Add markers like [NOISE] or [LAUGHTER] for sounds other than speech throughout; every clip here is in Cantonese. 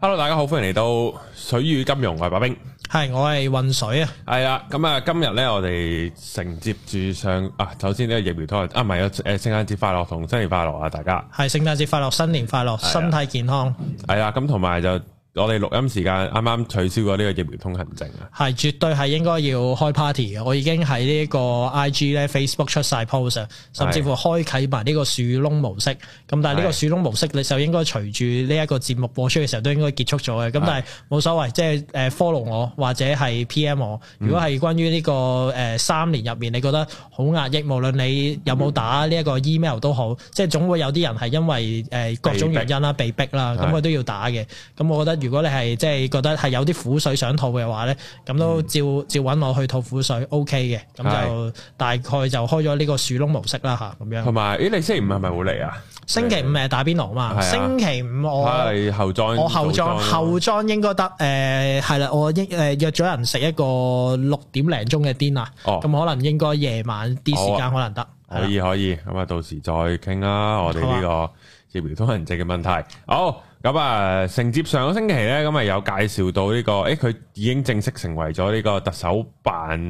hello，大家好，歡迎嚟到水與金融，我係白兵，係我係渾水啊，係啊，咁啊，今日咧我哋承接住上啊，首先呢個疫苗台啊，唔係，有誒，聖誕節快樂同新年快樂啊，大家係聖誕節快樂，新年快樂，的身體健康，係啊，咁同埋就。我哋錄音時間啱啱取消咗呢個疫苗通行證啊！係絕對係應該要開 party 嘅，我已經喺呢個 IG 咧、Facebook 出晒 post，甚至乎開啟埋呢個樹窿模式。咁但係呢個樹窿模式，你就的應該隨住呢一個節目播出嘅時候，都應該結束咗嘅。咁但係冇所謂，即係誒的 follow 我或者係 PM 我。如果係關於呢個誒三年入面，你覺得好壓抑，無論你有冇打呢一個 email 都好，嗯、即係總會有啲人係因為誒各種原因迫啦，被逼啦，咁佢都要打嘅。咁的我覺得。如果你係即係覺得係有啲苦水想吐嘅話咧，咁都照照揾我去吐苦水，OK 嘅，咁就大概就開咗呢個樹窿模式啦吓，咁樣。同埋，咦，你星期五係咪冇嚟啊？星期五係打邊爐嘛？啊、星期五我、啊、後裝，我後裝後裝應該得誒，係啦，我應誒約咗人食一個六點零鐘嘅 dinner 啊，咁可能應該夜晚啲時間、哦、可能得、哦啊，可以可以，咁啊，到時再傾啦，啊、我哋呢個疫苗通行證嘅問題，好。咁啊，承接上個星期咧，咁啊有介紹到呢、這個，誒、欸，佢已經正式成為咗呢個特首辦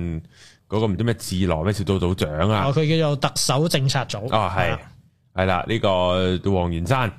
嗰個唔知咩智羅咩小組組長啊？哦，佢叫做特首政策組。哦，係，係啦的，呢、這個黃元山，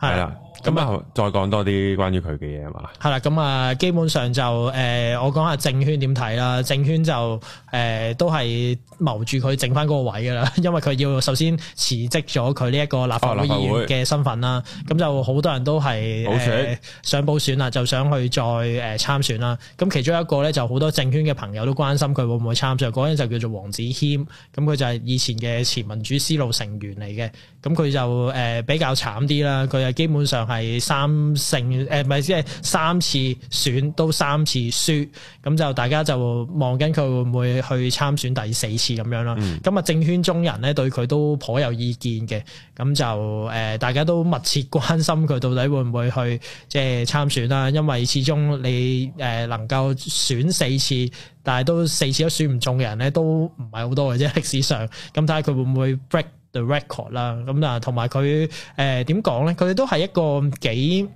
係啦的。咁啊，嗯、再講多啲關於佢嘅嘢係嘛？係啦，咁啊，基本上就誒、呃，我講下政圈點睇啦。政圈就誒、呃，都係謀住佢整翻嗰個位噶啦，因為佢要首先辭職咗佢呢一個立法會議員嘅身份啦。咁、哦、就好多人都係存、呃、想補選上補選啦，就想去再誒參、呃、選啦。咁其中一個咧就好多政圈嘅朋友都關心佢會唔會參選。嗰人就叫做黃子謙，咁佢就係以前嘅前民主思路成員嚟嘅。咁佢就誒、呃、比較慘啲啦，佢係基本上。係三勝，誒，唔係即係三次選都三次輸，咁就大家就望緊佢會唔會去參選第四次咁樣啦。今日政圈中人咧對佢都頗有意見嘅，咁就誒大家都密切關心佢到底會唔會去即係參選啦。因為始終你誒能夠選四次，但係都四次都選唔中嘅人咧都唔係好多嘅啫。歷史上，咁睇下佢會唔會 break the record 啦，咁、呃、啊，同埋佢誒點講咧？佢哋都係一個幾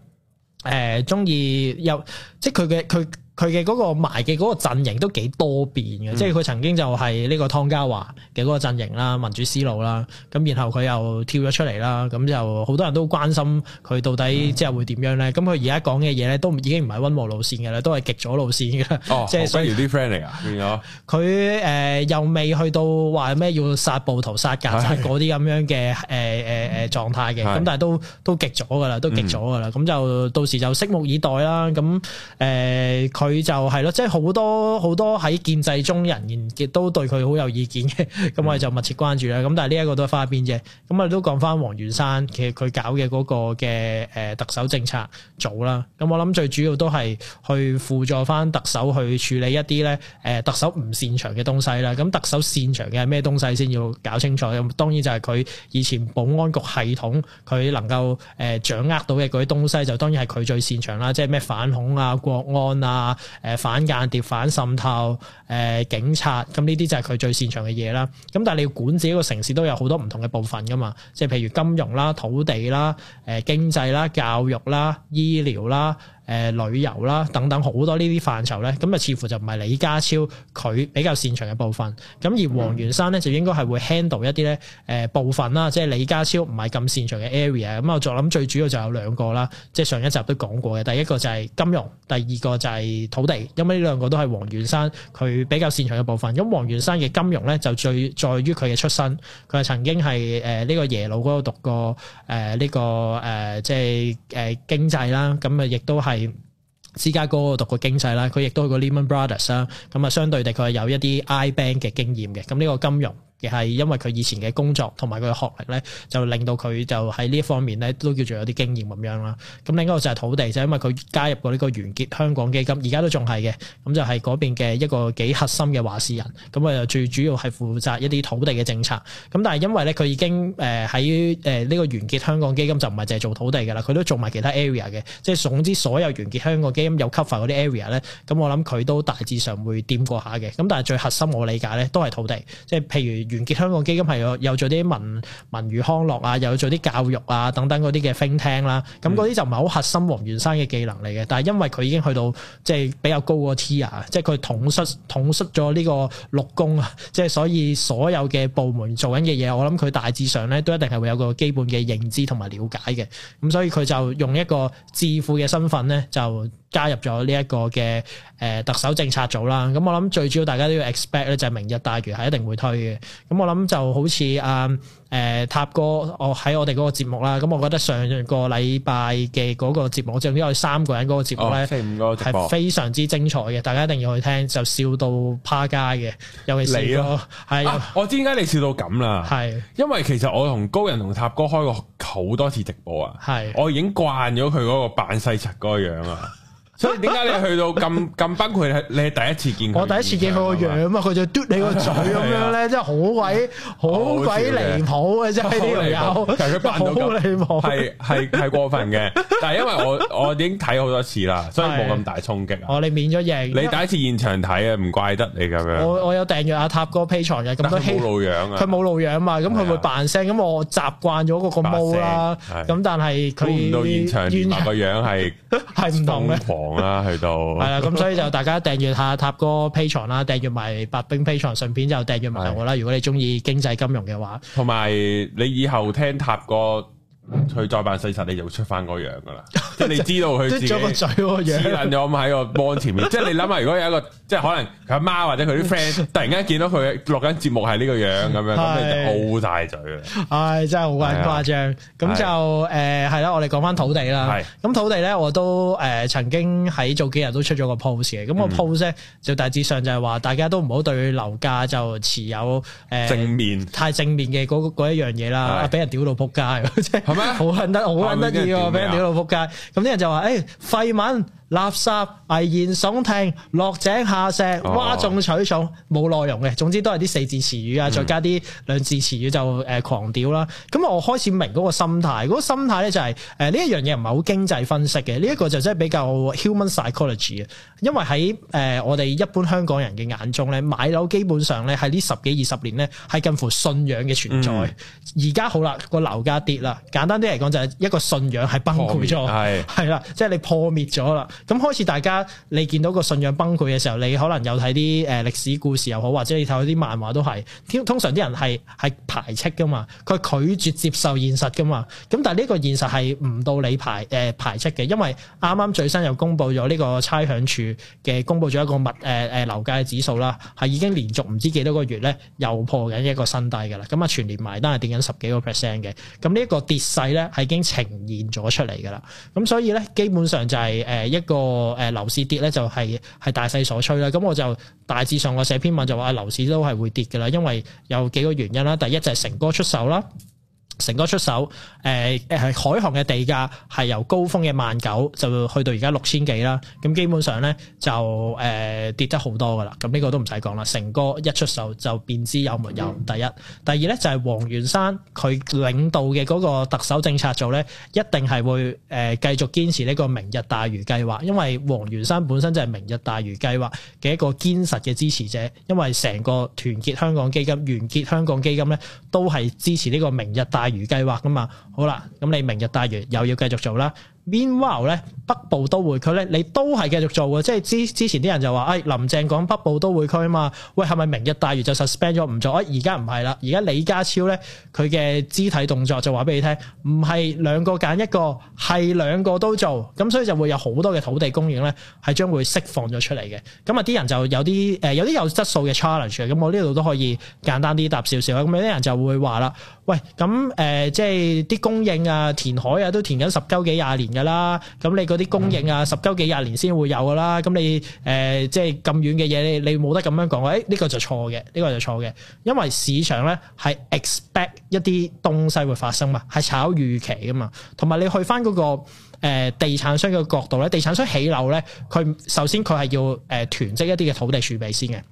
誒中意又即係佢嘅佢。佢嘅嗰個埋嘅嗰個陣營都幾多變嘅，即係佢曾經就係呢個湯家驊嘅嗰個陣營啦，民主思路啦，咁然後佢又跳咗出嚟啦，咁就好多人都關心佢到底之後會點樣咧。咁佢而家講嘅嘢咧都已經唔係温和路線嘅啦，都係極左路線嘅。哦，即係不如啲 friend 嚟啊，變咗佢誒又未去到話咩要殺暴徒、殺曱甴嗰啲咁樣嘅誒誒誒狀態嘅，咁但係都都極左噶啦，都極左噶啦，咁就到時就拭目以待啦。咁誒。佢就係咯，即係好多好多喺建制中人員亦都對佢好有意見嘅，咁我哋就密切關注啦。咁但係呢一個都係花邊啫，咁我哋都講翻黃元山，其實佢搞嘅嗰個嘅誒特首政策組啦，咁我諗最主要都係去輔助翻特首去處理一啲咧誒特首唔擅長嘅東西啦。咁特首擅長嘅係咩東西先要搞清楚？咁當然就係佢以前保安局系統佢能夠誒掌握到嘅嗰啲東西，就當然係佢最擅長啦。即係咩反恐啊、國安啊。誒，反間諜、反滲透，誒、呃，警察，咁呢啲就係佢最擅長嘅嘢啦。咁但係你要管治一個城市，都有好多唔同嘅部分噶嘛，即係譬如金融啦、土地啦、誒、呃，經濟啦、教育啦、醫療啦。誒、呃、旅遊啦，等等好多呢啲範疇咧，咁啊似乎就唔係李家超佢比較擅長嘅部分，咁而黃元山咧就應該係會 handle 一啲咧誒部分啦，即係李家超唔係咁擅長嘅 area。咁、嗯、我再諗最主要就有兩個啦，即係上一集都講過嘅，第一個就係金融，第二個就係土地，因為呢兩個都係黃元山佢比較擅長嘅部分。咁黃元山嘅金融咧就最在於佢嘅出身，佢係曾經係誒呢個耶魯嗰度讀過誒呢、呃這個誒、呃、即係誒、呃、經濟啦，咁啊亦都係。系芝加哥度讀過經濟啦，佢亦都去過 Lehman Brothers 啦，咁啊相對地佢係有一啲 I Bank 嘅經驗嘅，咁、這、呢個金融。嘅係因為佢以前嘅工作同埋佢嘅學歷咧，就令到佢就喺呢一方面咧都叫做有啲經驗咁樣啦。咁另一個就係土地，就係、因為佢加入過呢個團結香港基金，而家都仲係嘅。咁就係嗰邊嘅一個幾核心嘅話事人。咁啊，最主要係負責一啲土地嘅政策。咁但係因為咧佢已經誒喺誒呢個團結香港基金就唔係淨係做土地㗎啦，佢都做埋其他 area 嘅。即係總之所有團結香港基金有 cover 嗰啲 area 咧，咁我諗佢都大致上會掂過下嘅。咁但係最核心我理解咧都係土地，即係譬如。團結香港基金係有有做啲文文娛康樂啊，又有做啲教育啊等等嗰啲嘅 Feng 聽聽啦，咁嗰啲就唔係好核心黃元山嘅技能嚟嘅，但係因為佢已經去到即係、就是、比較高、就是、個 tier，即係佢統率統率咗呢個六公啊，即、就、係、是、所以所有嘅部門做緊嘅嘢，我諗佢大致上咧都一定係會有個基本嘅認知同埋了解嘅，咁所以佢就用一個智庫嘅身份咧就。加入咗呢一個嘅誒特首政策組啦，咁我諗最主要大家都要 expect 咧，就係、是、明日大嶼係一定會推嘅。咁我諗就好似阿誒塔哥，我喺我哋嗰個節目啦，咁我覺得上個禮拜嘅嗰個節目，我最中意三個人嗰個節目咧，係、哦、非常之精彩嘅，大家一定要去聽，就笑到趴街嘅，尤其是你咯，係我知點解你笑到咁啦，係的因為其實我同高人同塔哥開過好多次直播啊，係的我已經慣咗佢嗰個扮西柒嗰個樣啊。 [LAUGHS] 所以點解你去到咁咁崩潰？你係第一次見佢。我第一次見佢個樣啊，佢就嘟你個嘴咁樣咧，真係好鬼好鬼離譜嘅，真係呢個有。其實佢扮到咁離譜，係係係過分嘅。但係因為我我已經睇好多次啦，所以冇咁大衝擊。我哋免咗認。你第一次現場睇啊，唔怪得你咁樣。我我有訂閱阿塔哥 Patreon 嘅咁多。冇露樣啊！佢冇露樣嘛，咁佢會扮聲，咁我習慣咗嗰個模啦。咁但係佢現場個樣係係唔同啦，去到係啦，咁所以就大家訂閱下塔哥 Patreon 啦，訂閱埋白兵 Patreon，順便就訂閱埋我啦。如果你中意經濟金融嘅話，同埋你以後聽塔哥。佢再扮細實，你就會出翻嗰樣噶啦，即係你知道佢自己，張個嘴個樣，黐捻咗喺個波前面。即係你諗下，如果有一個，即係可能佢阿媽或者佢啲 friend 突然間見到佢落緊節目係呢個樣咁樣，咁你就烏大嘴啦。唉，真係好鬼誇張。咁就誒係咯，我哋講翻土地啦。咁土地咧，我都誒曾經喺早幾日都出咗個 post 嘅。咁個 post 咧就大致上就係話，大家都唔好對樓價就持有誒正面太正面嘅嗰一樣嘢啦，俾人屌到仆街。好狠得，好狠得意喎，俾 [MUSIC] 人屌到仆街。咁啲人就話，誒、欸，廢文。垃圾、危言聳聽、落井下石、嘩眾取寵，冇內容嘅，總之都係啲四字詞語啊，再加啲兩字詞語就誒狂屌啦。咁、嗯、我開始明嗰個心態，嗰、嗰個心態咧就係誒呢一樣嘢唔係好經濟分析嘅，呢、這、一個就真係比較 human psychology 嘅。因為喺誒、呃、我哋一般香港人嘅眼中咧，買樓基本上咧喺呢十幾二十年咧係近乎信仰嘅存在。而家、嗯、好啦，個樓價跌啦，簡單啲嚟講就係一個信仰係崩潰咗，係啦是，即係你破滅咗啦。咁開始，大家你見到個信仰崩潰嘅時候，你可能有睇啲誒歷史故事又好，或者你睇啲漫畫都係。通常啲人係係排斥㗎嘛，佢拒絕接受現實㗎嘛。咁但係呢個現實係唔到你排誒排斥嘅，因為啱啱最新又公布咗呢個差餉署嘅，公布咗一個物誒誒樓價嘅指數啦，係已經連續唔知幾多個月咧，又破緊一個新低㗎喇。咁啊，全年埋單係跌緊十幾個 percent 嘅。咁呢一個跌勢咧，係已經呈現咗出嚟㗎喇。咁所以咧，基本上就係誒一這個誒、呃、樓市跌咧就係、是、係大勢所趨啦，咁我就大致上我寫篇文就話樓市都係會跌嘅啦，因為有幾個原因啦，第一就係成哥出手啦。成哥出手，誒誒係海航嘅地價係由高峰嘅萬九就去到而家六千幾啦，咁基本上咧就誒、呃、跌得好多噶啦，咁、這、呢個都唔使講啦。成哥一出手就便知有沒有，第一，第二咧就係、是、黃元山佢領導嘅嗰個特首政策組咧，一定係會誒、呃、繼續堅持呢個明日大嶼計劃，因為黃元山本身就係明日大嶼計劃嘅一個堅實嘅支持者，因為成個團結香港基金、完結香港基金咧都係支持呢個明日大。大嶼計劃噶嘛，好啦，咁、嗯、你明日大嶼又要繼續做啦。Meanwhile 咧，北部都會區咧，你都係繼續做嘅，即係之之前啲人就話，哎，林鄭講北部都會區啊嘛，喂，係咪明日大嶼就 suspend 咗唔做啊？而家唔係啦，而家李家超咧，佢嘅肢體動作就話俾你聽，唔係兩個揀一個，係兩個都做，咁所以就會有好多嘅土地供應咧，係將會釋放咗出嚟嘅。咁啊，啲人就有啲誒、呃，有啲有質素嘅 challenge 嘅，咁我呢度都可以簡單啲答少少，咁有啲人就會話啦。喂，咁、呃、誒，即係啲供應啊、填海啊，都填緊十鳩幾廿年噶啦。咁你嗰啲供應啊，十鳩幾廿年先會有噶啦。咁你誒、呃，即係咁遠嘅嘢，你你冇得咁樣講啊！呢、哎呢個就錯嘅，呢、呢個就錯嘅。因為市場咧係 expect 一啲東西會發生嘛，係炒預期噶嘛。同埋你去翻嗰、嗰個、呃、地產商嘅角度咧，地產商起樓咧，佢首先佢係要誒囤積一啲嘅土地儲備先嘅。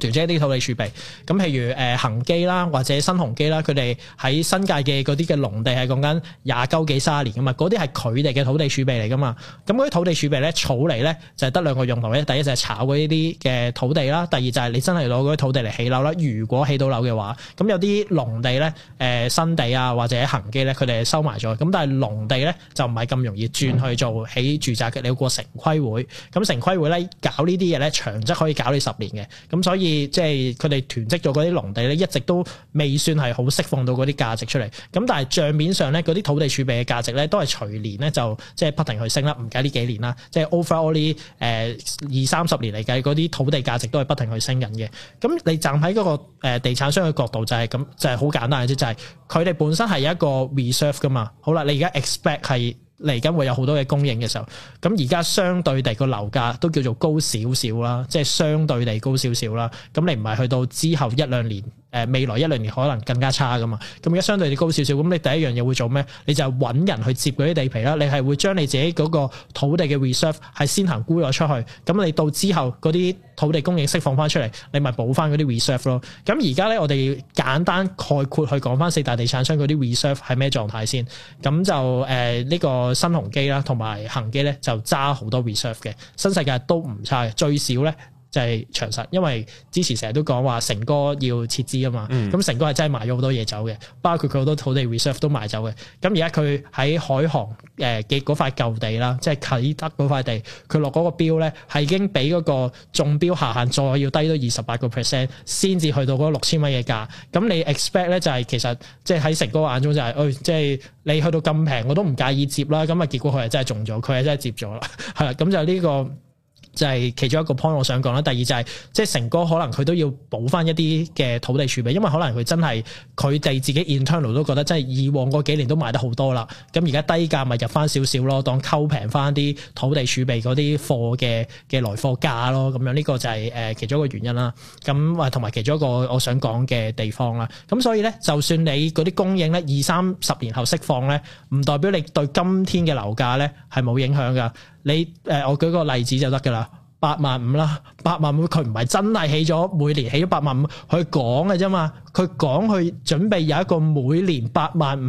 囤積啲土地儲備，咁譬如誒、呃、恆基啦，或者新鴻基啦，佢哋喺新界嘅嗰啲嘅農地係講緊廿九幾卅年噶嘛，嗰啲係佢哋嘅土地儲備嚟噶嘛。咁嗰啲土地儲備咧，儲嚟咧就係得兩個用途嘅，第一就係炒嗰啲嘅土地啦，第二就係你真係攞嗰啲土地嚟起樓啦。如果起到樓嘅話，咁有啲農地咧，誒、呃、新地啊或者恒基咧，佢哋收埋咗。咁但係農地咧就唔係咁容易轉去做起住宅嘅，你要過城規會。咁城規會咧搞呢啲嘢咧，長則可以搞你十年嘅。咁所以。即係佢哋囤積咗嗰啲農地咧，一直都未算係好釋放到嗰啲價值出嚟。咁但係賬面上咧，嗰啲土地儲備嘅價值咧，都係隨年咧就即係不停去升啦。唔計呢幾年啦，即係 overall 誒二三十年嚟計，嗰啲土地價值都係不停去升緊嘅。咁你站喺嗰、那個誒、呃、地產商嘅角度就係咁，就係、是、好簡單嘅啫，就係佢哋本身係有一個 reserve 噶嘛。好啦，你而家 expect 係。嚟緊會有好多嘅供應嘅時候，咁而家相對地個樓價都叫做高少少啦，即係相對地高少少啦。咁你唔係去到之後一兩年。誒未來一兩年可能更加差噶嘛，咁而家相對你高少少，咁你第一樣嘢會做咩？你就揾人去接嗰啲地皮啦，你係會將你自己嗰個土地嘅 reserve 係先行沽咗出去，咁你到之後嗰啲土地供應釋放翻出嚟，你咪補翻嗰啲 reserve 咯。咁而家咧，我哋簡單概括去講翻四大地產商嗰啲 reserve 係咩狀態先？咁就誒呢、呃呢個新鴻基啦，同埋恒基咧就揸好多 reserve 嘅，新世界都唔差嘅，最少咧。就係長實，因為之前成日都講話成哥要撤資啊嘛，咁、嗯、成哥係真係賣咗好多嘢走嘅，包括佢好多土地 reserve 都賣走嘅。咁而家佢喺海航誒嘅嗰塊舊地啦，即係啟德嗰塊地，佢落嗰個標咧係已經比嗰個中標下限再要低到二十八個 percent，先至去到嗰六千蚊嘅價。咁你 expect 咧就係其實即係喺成哥眼中就係、係，誒即係你去到咁平我都唔介意接啦。咁啊結果佢係真係中咗，佢係真係接咗啦。係啦，咁就呢、呢個。就係其中一個 point 我想講啦，第二就係、是、即係成哥可能佢都要補翻一啲嘅土地儲備，因為可能佢真係佢哋自己 internal 都覺得，真係以往嗰幾年都賣得好多啦，咁而家低價咪入翻少少咯，當溝平翻啲土地儲備嗰啲貨嘅嘅來貨價咯，咁樣呢、這個就係、是、誒、呃、其中一個原因啦。咁誒同埋其中一個我想講嘅地方啦。咁所以咧，就算你嗰啲供應咧二三十年後釋放咧，唔代表你對今天嘅樓價咧係冇影響噶。你誒、呃，我舉個例子就得㗎啦，八萬五啦，八萬五，佢唔係真係起咗每年起咗八萬五，去講嘅啫嘛。佢講佢準備有一個每年八萬五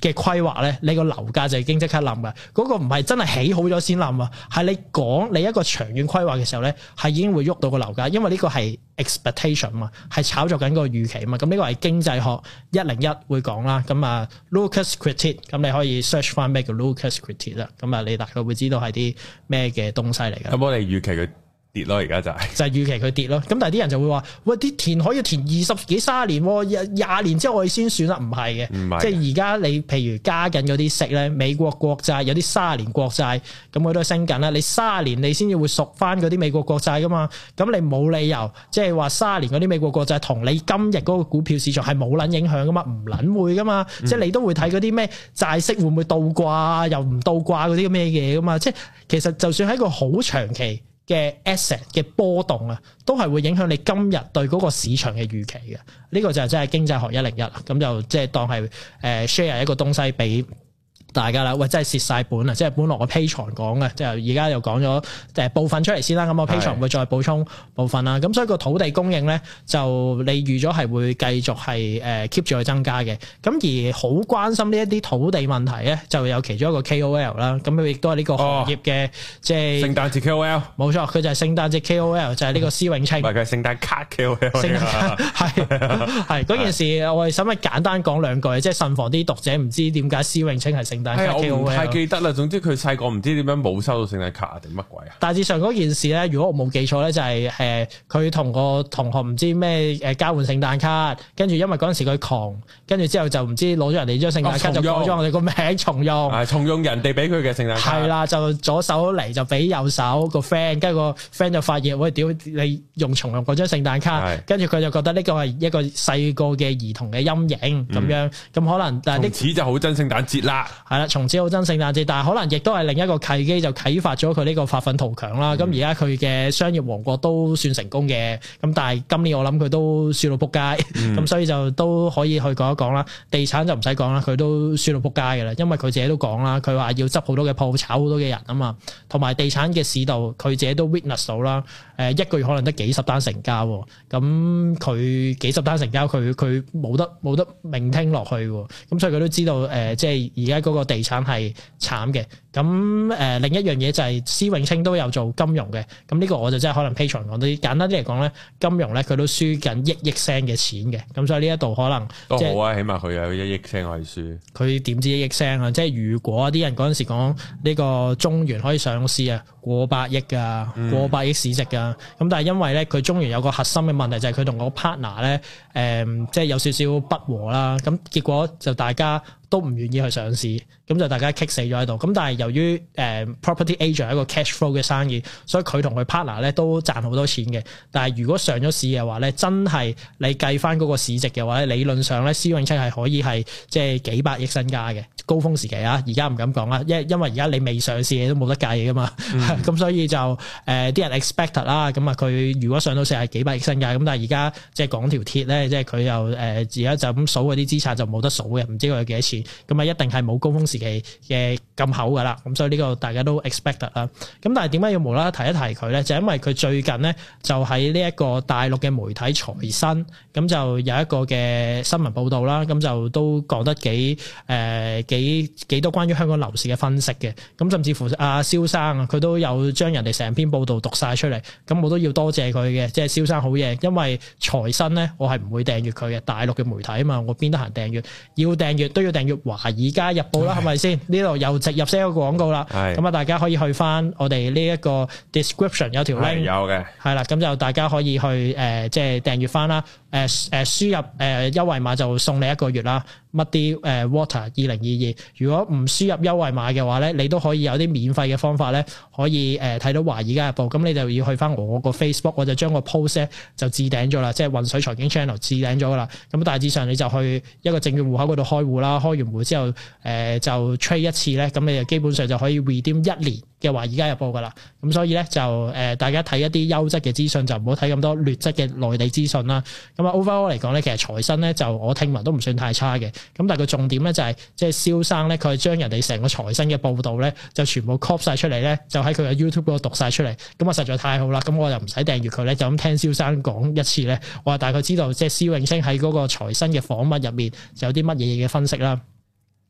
嘅規劃咧，你個樓價就已經即刻冧噶。嗰個唔係真係起好咗先冧啊，係你講你一個長遠規劃嘅時候咧，係已經會喐到個樓價，因為呢個係 expectation 啊嘛，係炒作緊個預期啊嘛。咁呢個係經濟學一零一會講啦。咁啊，Lucas critique 咁你可以 search 翻咩叫 Lucas critique 啦。咁啊，你大概會知道係啲咩嘅東西嚟嘅。咁我哋預期佢。跌咯，而家就係就係預期佢跌咯。咁但係啲人就會話：喂，啲填海要填二十幾卅年，廿廿年之後我哋先算啦。唔係嘅，唔係即係而家你譬如加緊嗰啲息咧，美國國債有啲卅年國債，咁佢都升緊啦。你卅年你先至會熟翻嗰啲美國國債㗎嘛？咁你冇理由即係話卅年嗰啲美國國債同你今日嗰個股票市場係冇撚影響㗎嘛？唔撚會㗎嘛？嗯、即係你都會睇嗰啲咩債息會唔會倒掛，又唔倒掛嗰啲咩嘢㗎嘛？即係其實就算喺個好長期。嘅 asset 嘅波動啊，都係會影響你今日對嗰個市場嘅預期嘅。呢個就真係經濟學一零一啦。咁就即係當係誒 share 一個東西俾。大家啦，喂，真係蝕晒本啊！即係本來我 Patreon 講嘅，即係而家又講咗，誒部分出嚟先啦。咁我 Patreon 唔會再補充部分啦。咁所以個土地供應咧，就你預咗係會繼續係誒、呃、keep 住去增加嘅。咁而好關心呢一啲土地問題咧，就有其中一個 KOL 啦。咁佢亦都係呢個行業嘅即係聖誕節 KOL，冇錯，佢就係聖誕節 KOL，就係呢個施永青。唔係佢聖誕卡 KOL，聖誕係嗰件事，我哋使咪簡單講兩句，即係慎防啲讀者唔知點解施永青係聖。係我唔太記得啦。總之佢細個唔知點樣冇收到聖誕卡定乜鬼啊！大致上嗰件事咧，如果我冇記錯咧，就係誒佢同個同學唔知咩誒交換聖誕卡，跟住因為嗰陣時佢窮，跟住之後就唔知攞咗人哋張聖誕卡就改咗我哋個名重用。係重用人哋俾佢嘅聖誕卡。係啦，就左手嚟就俾右手個 friend，跟住個 friend 就發現喂，屌你用重用嗰張聖誕卡，跟住佢就覺得呢個係一個細個嘅兒童嘅陰影咁樣。咁、嗯、可能但嗱，從此就好憎聖誕節啦。係啦，從此好憎聖誕節，但係可能亦都係另一個契機，就啟發咗佢呢個發憤圖強啦。咁而家佢嘅商業王國都算成功嘅，咁但係今年我諗佢都輸到撲街，咁所以就都可以去講一講啦。地產就唔使講啦，佢都輸到撲街嘅啦，因為佢自己都講啦，佢話要執好多嘅鋪，炒好多嘅人啊嘛，同埋地產嘅市道，佢自己都 witness 到啦。誒，一個月可能得幾十單成交，咁佢幾十單成交，佢佢冇得冇得明聽落去，咁所以佢都知道誒，即係而家嗰個。地產係慘嘅，咁誒、呃、另一樣嘢就係、是、施永青都有做金融嘅，咁呢個我就真係可能 Patreon 講啲簡單啲嚟講咧，金融咧佢都輸緊億億聲嘅錢嘅，咁所以呢一度可能都好啊，即起碼佢有一億聲可以輸，佢點知一億聲啊？即係如果啲人嗰陣時講呢個中原可以上市啊？過百億㗎，嗯、過百億市值㗎，咁但係因為咧，佢中原有個核心嘅問題，就係、是、佢同個 partner 咧、呃，誒，即係有少少不和啦，咁結果就大家都唔願意去上市。咁就大家激死咗喺度。咁但係由於誒、呃、property agent 一個 cash flow 嘅生意，所以佢同佢 partner 咧都賺好多錢嘅。但係如果上咗市嘅話咧，真係你計翻嗰個市值嘅話咧，理論上咧，施永青係可以係即係幾百億身家嘅高峰時期啊！而家唔敢講啦，因因為而家你未上市你都冇得計噶嘛。咁、嗯 [LAUGHS] 嗯、所以就誒啲、呃、人 expect 啦。咁啊，佢如果上到市係幾百億身家，咁但係而家即係講條鐵咧，即係佢又誒而家就咁數嗰啲資產就冇得數嘅，唔知佢有幾多錢。咁、嗯、啊，一定係冇高峰時。嘅嘅咁好㗎啦，咁所以呢個大家都 expect 啦。咁但係點解要無啦啦提一提佢咧？就因為佢最近咧就喺呢一個大陸嘅媒體財新，咁就有一個嘅新聞報道啦。咁就都講得幾誒幾幾多關於香港樓市嘅分析嘅。咁甚至乎阿蕭生啊，佢都有將人哋成篇報道讀晒出嚟。咁我都要多謝佢嘅，即係蕭生好嘢。因為財新咧，我係唔會訂閱佢嘅，大陸嘅媒體啊嘛，我邊得閒訂閱？要訂閱都要訂閱華爾街日報啦。係咪、嗯、先？呢度又植入咗一個廣告啦。係，咁啊大家可以去翻我哋呢一個 description 有條 link 有嘅，係啦，咁就大家可以去誒、呃，即係訂閱翻啦。誒誒、呃、輸入誒、呃、優惠碼就送你一個月啦，muddy water 二零二二。如果唔輸入優惠碼嘅話咧，你都可以有啲免費嘅方法咧，可以誒睇、呃、到華爾街日報。咁你就要去返我個 Facebook，我就將個 post 咧就置頂咗啦，即係渾水財經 channel 置頂咗噶啦。咁大致上你就去一個證券戶口嗰度開戶啦，開完戶之後誒、呃、就 trade 一次咧，咁你就基本上就可以 redeem 一年。嘅話而家又播噶啦，咁所以咧就誒、呃、大家睇一啲優質嘅資訊就唔好睇咁多劣質嘅內地資訊啦。咁啊 Overall 嚟講咧，其實財新咧就我聽聞都唔算太差嘅。咁但係個重點咧就係、是、即係蕭生咧，佢將人哋成個財新嘅報導咧就全部 copy 晒出嚟咧，就喺佢嘅 YouTube 嗰度讀晒出嚟。咁、嗯、啊實在太好啦，咁我又唔使訂閲佢咧，就咁聽蕭生講一次咧，我啊大概知道即係蕭永星喺嗰個財新嘅訪問入面就有啲乜嘢嘢嘅分析啦。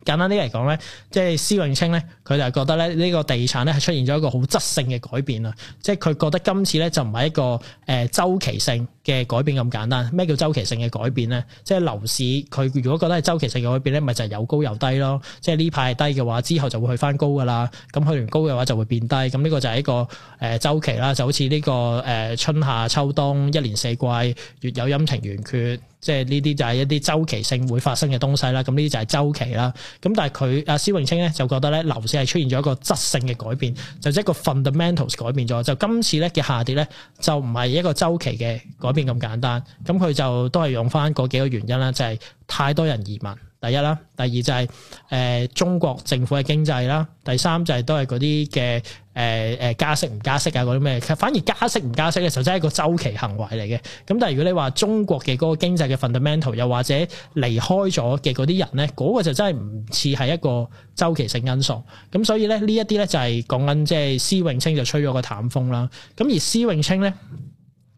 簡單啲嚟講咧，即係施永青咧，佢就係覺得咧，呢個地產咧係出現咗一個好質性嘅改變啊！即係佢覺得今次咧就唔係一個誒週期性嘅改變咁簡單，咩叫周期性嘅改變咧？即係樓市佢如果覺得係周期性嘅改變咧，咪就係、是、有高有低咯。即係呢排係低嘅話，之後就會去翻高噶啦。咁去完高嘅話就會變低。咁呢個就係一個誒週、呃、期啦，就好似呢、這個誒、呃、春夏秋冬一年四季，月有陰晴圓缺。即係呢啲就係一啲周期性會發生嘅東西啦。咁呢啲就係周期啦。咁但係佢阿施永青咧就覺得咧樓市係出現咗一個質性嘅改變，就是、一個 fundamentals 改變咗。就今次咧嘅下跌咧就唔係一個周期嘅改變咁簡單，咁佢就都係用返嗰幾個原因啦，就係、是、太多人移民。第一啦，第二就係、是、誒、呃、中國政府嘅經濟啦，第三就係都係嗰啲嘅誒誒加息唔加息啊嗰啲咩，反而加息唔加息嘅時候，真係一個周期行為嚟嘅。咁但係如果你話中國嘅嗰個經濟嘅 fundamental，又或者離開咗嘅嗰啲人咧，嗰、那個就真係唔似係一個周期性因素。咁所以咧呢一啲咧就係、是、講緊即係施永青就吹咗個淡風啦。咁而施永青咧。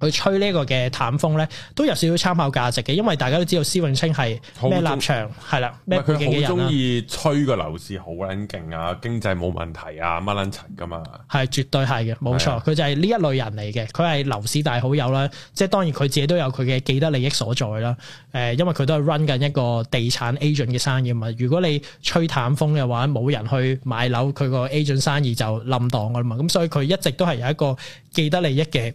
佢吹呢個嘅淡風咧，都有少少參考價值嘅，因為大家都知道施永青係咩立場係啦，咩背景嘅人啦。佢好中意吹個樓市好撚勁啊，經濟冇問題啊，乜撚塵噶嘛？係絕對係嘅，冇錯。佢就係呢一類人嚟嘅。佢係樓市大好友啦，即係當然佢自己都有佢嘅既得利益所在啦。誒，因為佢都係 run 緊一個地產 agent 嘅生意嘛。如果你吹淡風嘅話，冇人去買樓，佢個 agent 生意就冧檔噶啦嘛。咁所以佢一直都係有一個既得利益嘅。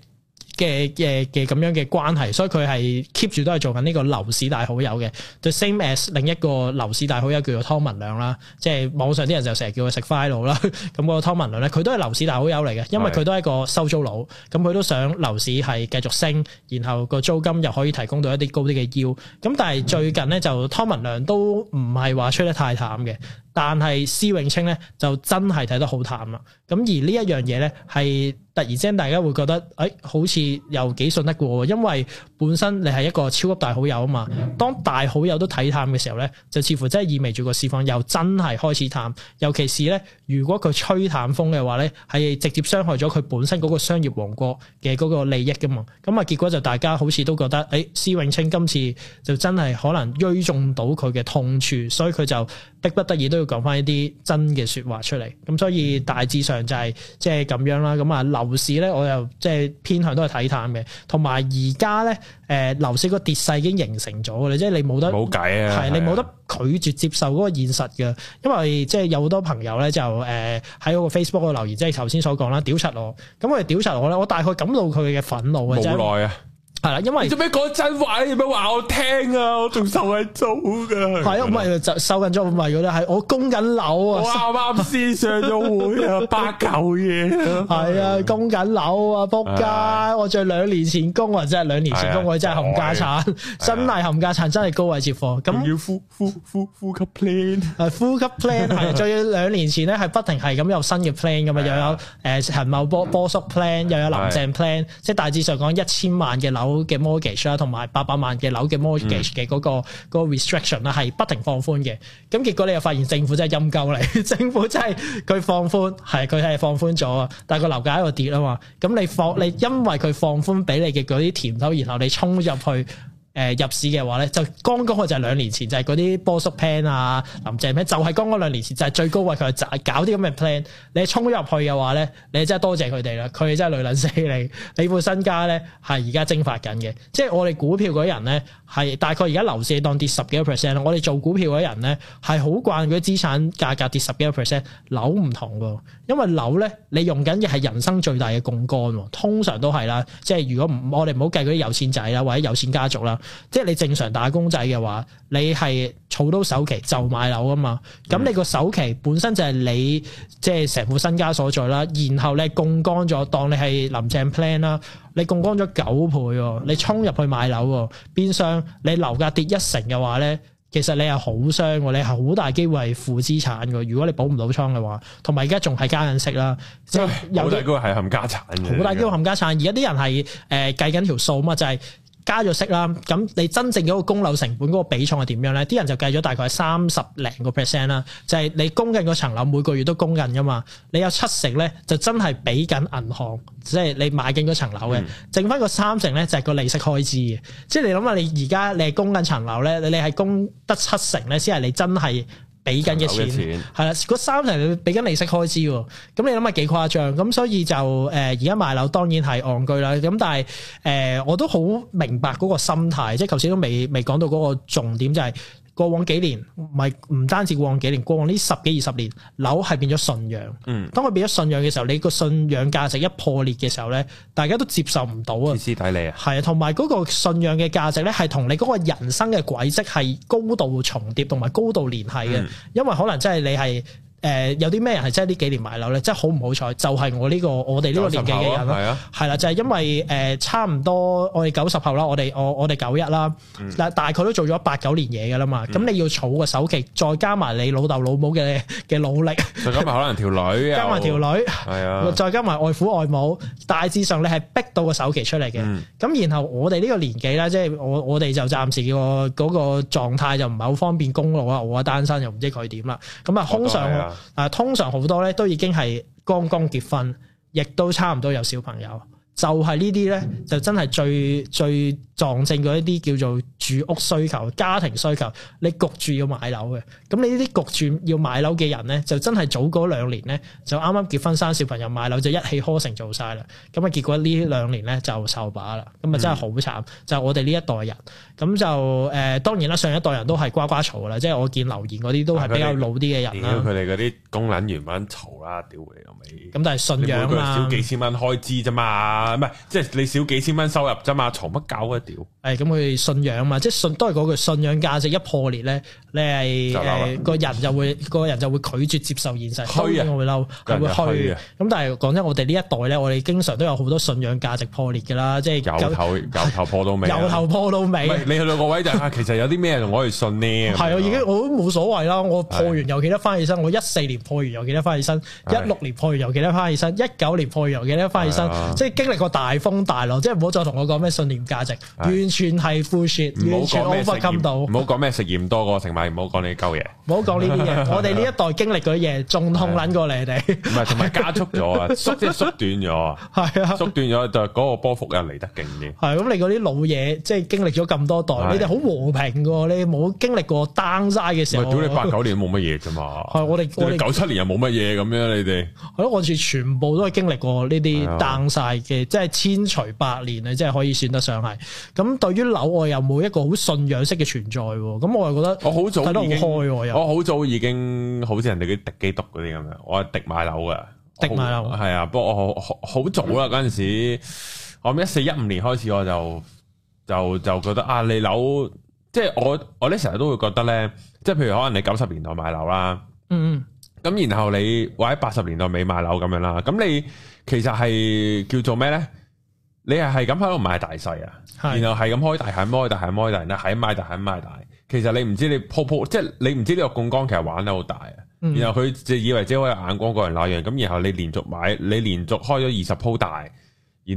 嘅嘅嘅咁樣嘅關係，所以佢係 keep 住都係做緊呢個樓市大好友嘅，The same as 另一個樓市大好友叫做湯文亮啦。即係網上啲人就成日叫佢食 file 啦。咁個湯文亮咧，佢都係樓市大好友嚟嘅，因為佢都係一個收租佬。咁佢都想樓市係繼續升，然後個租金又可以提供到一啲高啲嘅 yield。咁但係最近咧就湯文亮都唔係話吹得太淡嘅，但係施永青咧就真係睇得好淡啦。咁而呢一樣嘢咧係。而真，大家會覺得，哎，好似又幾信得過喎，因為本身你係一個超級大好友啊嘛。當大好友都睇淡嘅時候呢，就似乎真係意味住個市況又真係開始淡。尤其是呢，如果佢吹淡風嘅話呢，係直接傷害咗佢本身嗰個商業王國嘅嗰個利益㗎嘛。咁啊，結果就大家好似都覺得，哎，施永青今次就真係可能追中到佢嘅痛處，所以佢就，迫不得已都要講翻一啲真嘅説話出嚟，咁所以大致上就係即係咁樣啦。咁啊，樓市咧，我又即係偏向都係睇淡嘅，同埋而家咧，誒樓市個跌勢已經形成咗嘅啦，即係你冇得冇計啊，係你冇得拒絕接受嗰個現實嘅，因為即係有好多朋友咧就誒喺我 Facebook 度留言，即係頭先所講啦，屌柒我，咁我哋屌柒我咧，我大概感到佢嘅憤怒嘅，無奈啊！係啦，因為你做咩講真話？你做咩話我聽啊？我仲受緊租噶係啊，唔係就受緊租唔係嗰啲，係我供緊樓啊！我啱啱先上咗會啊，八九嘢！係啊，供緊樓啊，仆街！我最兩年前供啊，真係兩年前供，我真係冚家產，新嚟冚家產真係高位接貨。咁要呼呼呼呼吸 plan，誒，呼吸 plan 係啊，再兩年前咧係不停係咁有新嘅 plan 噶嘛，又有誒陳茂波波叔 plan，又有林鄭 plan，即係大致上講一千萬嘅樓。樓嘅 mortgage 啦，同埋八百萬嘅樓嘅 mortgage 嘅嗰個個 restriction 啦，係不停放寬嘅。咁結果你又發現政府真係陰鳩嚟，政府真係佢放寬係佢係放寬咗，但係個樓價喺度跌啊嘛。咁你放你因為佢放寬俾你嘅嗰啲甜頭，然後你衝入去。誒入市嘅話咧，就剛剛我就係兩年前就係嗰啲波叔 plan 啊、林鄭 plan 就係剛剛兩年前就係最高位佢就搞啲咁嘅 plan。你衝咗入去嘅話咧，你真係多謝佢哋啦，佢哋真係累卵死你，你副身家咧係而家蒸發緊嘅。即係我哋股票嗰啲人咧，係大概而家樓市當跌十幾個 percent。我哋做股票嗰啲人咧係好慣嗰啲資產價格跌十幾個 percent。樓唔同喎，因為樓咧你用緊嘅係人生最大嘅槓桿，通常都係啦。即係如果唔我哋唔好計嗰啲有錢仔啦，或者有錢家族啦。即係你正常打工仔嘅話，你係儲到首期就買樓啊嘛。咁你個首期本身就係你即係成副身家所在啦。然後你槓桿咗，當你係林鄭 plan 啦，你槓桿咗九倍，你衝入去買樓，變相，你樓價跌一成嘅話咧，其實你係好傷，你係好大機會係負資產嘅。如果你補唔到倉嘅話，同埋而是都家仲係加緊息啦，即係有大機會係冚家產，好大機會冚家產，而家啲人係誒、呃、計緊條數嘛，就係、是。加咗息啦，咁你真正嗰個供樓成本嗰個比重係點樣呢？啲人就計咗大概三十零個 percent 啦，就係你供緊嗰層樓每個月都供緊噶嘛，你有七成呢，就真係俾緊銀行，即係你買緊嗰層樓嘅，剩翻個三成呢，就係個利息開支嘅，即係你諗下你而家你係供緊層樓呢，你係供得七成呢，先係你真係，俾緊嘅錢係啦，三成俾緊利息開支喎，咁你諗下幾誇張？咁所以就誒，而、呃、家賣樓當然係戇居啦。咁但係誒、呃，我都好明白嗰個心態，即係頭先都未未講到嗰個重點，就係、是。過往幾年唔係，唔單止過往幾年，過往呢十幾二十年，樓係變咗信仰。嗯、當佢變咗信仰嘅時候，你個信仰價值一破裂嘅時候呢，大家都接受唔到啊！意思睇你啊，係啊，同埋嗰個信仰嘅價值呢，係同你嗰個人生嘅軌跡係高度重疊同埋高度聯繫嘅，嗯、因為可能真係你係。誒、呃、有啲咩人係真係呢幾年買樓咧？真係好唔好彩？就係、是、我呢、這個我哋呢個年紀嘅人咯，係啊，係啦、啊啊，就係、是、因為誒、呃、差唔多我哋九十後啦，我哋我我哋九一啦，嗱、嗯、大概都做咗八九年嘢㗎啦嘛。咁、嗯、你要儲個首期，再加埋你老豆老母嘅嘅努力，再加埋可能條女，加埋條女，係啊，再加埋外父外母，大致上你係逼到個首期出嚟嘅。咁、嗯、然後我哋呢個年紀咧，即係我我哋就暫時個嗰個狀態就唔係好方便供樓啊。我單身又唔知佢點啦。咁啊，空上。嗱，通常好多咧都已經係剛剛結婚，亦都差唔多有小朋友。就係呢啲咧，就真係最最撞正嗰一啲叫做住屋需求、家庭需求。你焗住要買樓嘅，咁你呢啲焗住要買樓嘅人咧，就真係早嗰兩年咧，就啱啱結婚生小朋友買樓就一氣呵成做晒啦。咁啊，結果呢兩年咧就受把啦。咁啊，真係好慘。嗯、就係我哋呢一代人，咁就誒、呃，當然啦，上一代人都係呱呱嘈啦。即係我見留言嗰啲都係比較老啲嘅人啦。佢哋嗰啲工銀員工嘈啦，屌你老尾。咁但係信仰啊！你少幾千蚊開支啫嘛～係咪？即係你少幾千蚊收入啫嘛，藏乜搞一屌！係咁佢信仰嘛，即係信都係嗰句，信仰價值一破裂咧，你係，誒，個人就會個人就會拒絕接受現實，所以我會嬲，係會虛。咁但係講真，我哋呢一代咧，我哋經常都有好多信仰價值破裂嘅啦，即係由頭由頭破到尾，由頭破到尾。你去到個位就其實有啲咩我可以信呢？係啊，已經我都冇所謂啦。我破完又記得翻起身，我一四年破完又記得翻起身，一六年破完又記得翻起身，一九年破完又記得翻起身，即係經歷。個大風大浪，即係唔好再同我講咩信念價值，完全係 full shit，完全唔符合到。唔好講咩食鹽多嗰個成埋，唔好講你溝嘢，唔好講呢啲嘢。我哋呢一代經歷嗰啲嘢，仲痛捻過你哋。唔係，同埋加速咗啊，縮即係縮短咗啊，係啊，縮短咗就嗰個波幅又嚟得勁啲。係咁，你嗰啲老嘢即係經歷咗咁多代，你哋好和平噶喎，你冇經歷過 down 晒嘅時候。屌你八九年冇乜嘢啫嘛，係我哋我哋九七年又冇乜嘢咁樣，你哋係咯，我哋全部都係經歷過呢啲 down 晒嘅。即係千錘百煉啊！你即係可以算得上係咁。對於樓，我又冇一個好信仰式嘅存在。咁我又覺得，我好早睇得開我好早已經，早已經好似人哋啲敵基督嗰啲咁樣，我係敵，敵買樓噶。敵買樓係啊，不過我好，好，好早啦嗰陣時，我一四一五年開始我就就就覺得啊，你樓即係我我咧成日都會覺得呢，即係譬如可能你九十年代買樓啦，嗯咁然後你或者八十年代尾買樓咁樣啦，咁你。其實係叫做咩咧？你係係咁喺度買大細啊。然後係咁開大，係咁開大，係咁開大，咧係咁買大，係買大。其實你唔知你鋪鋪，即係你唔知呢個槓桿，其實玩得好大啊。然後佢就以為只可有眼光個人那樣，咁然後你連續買，你連續開咗二十鋪大。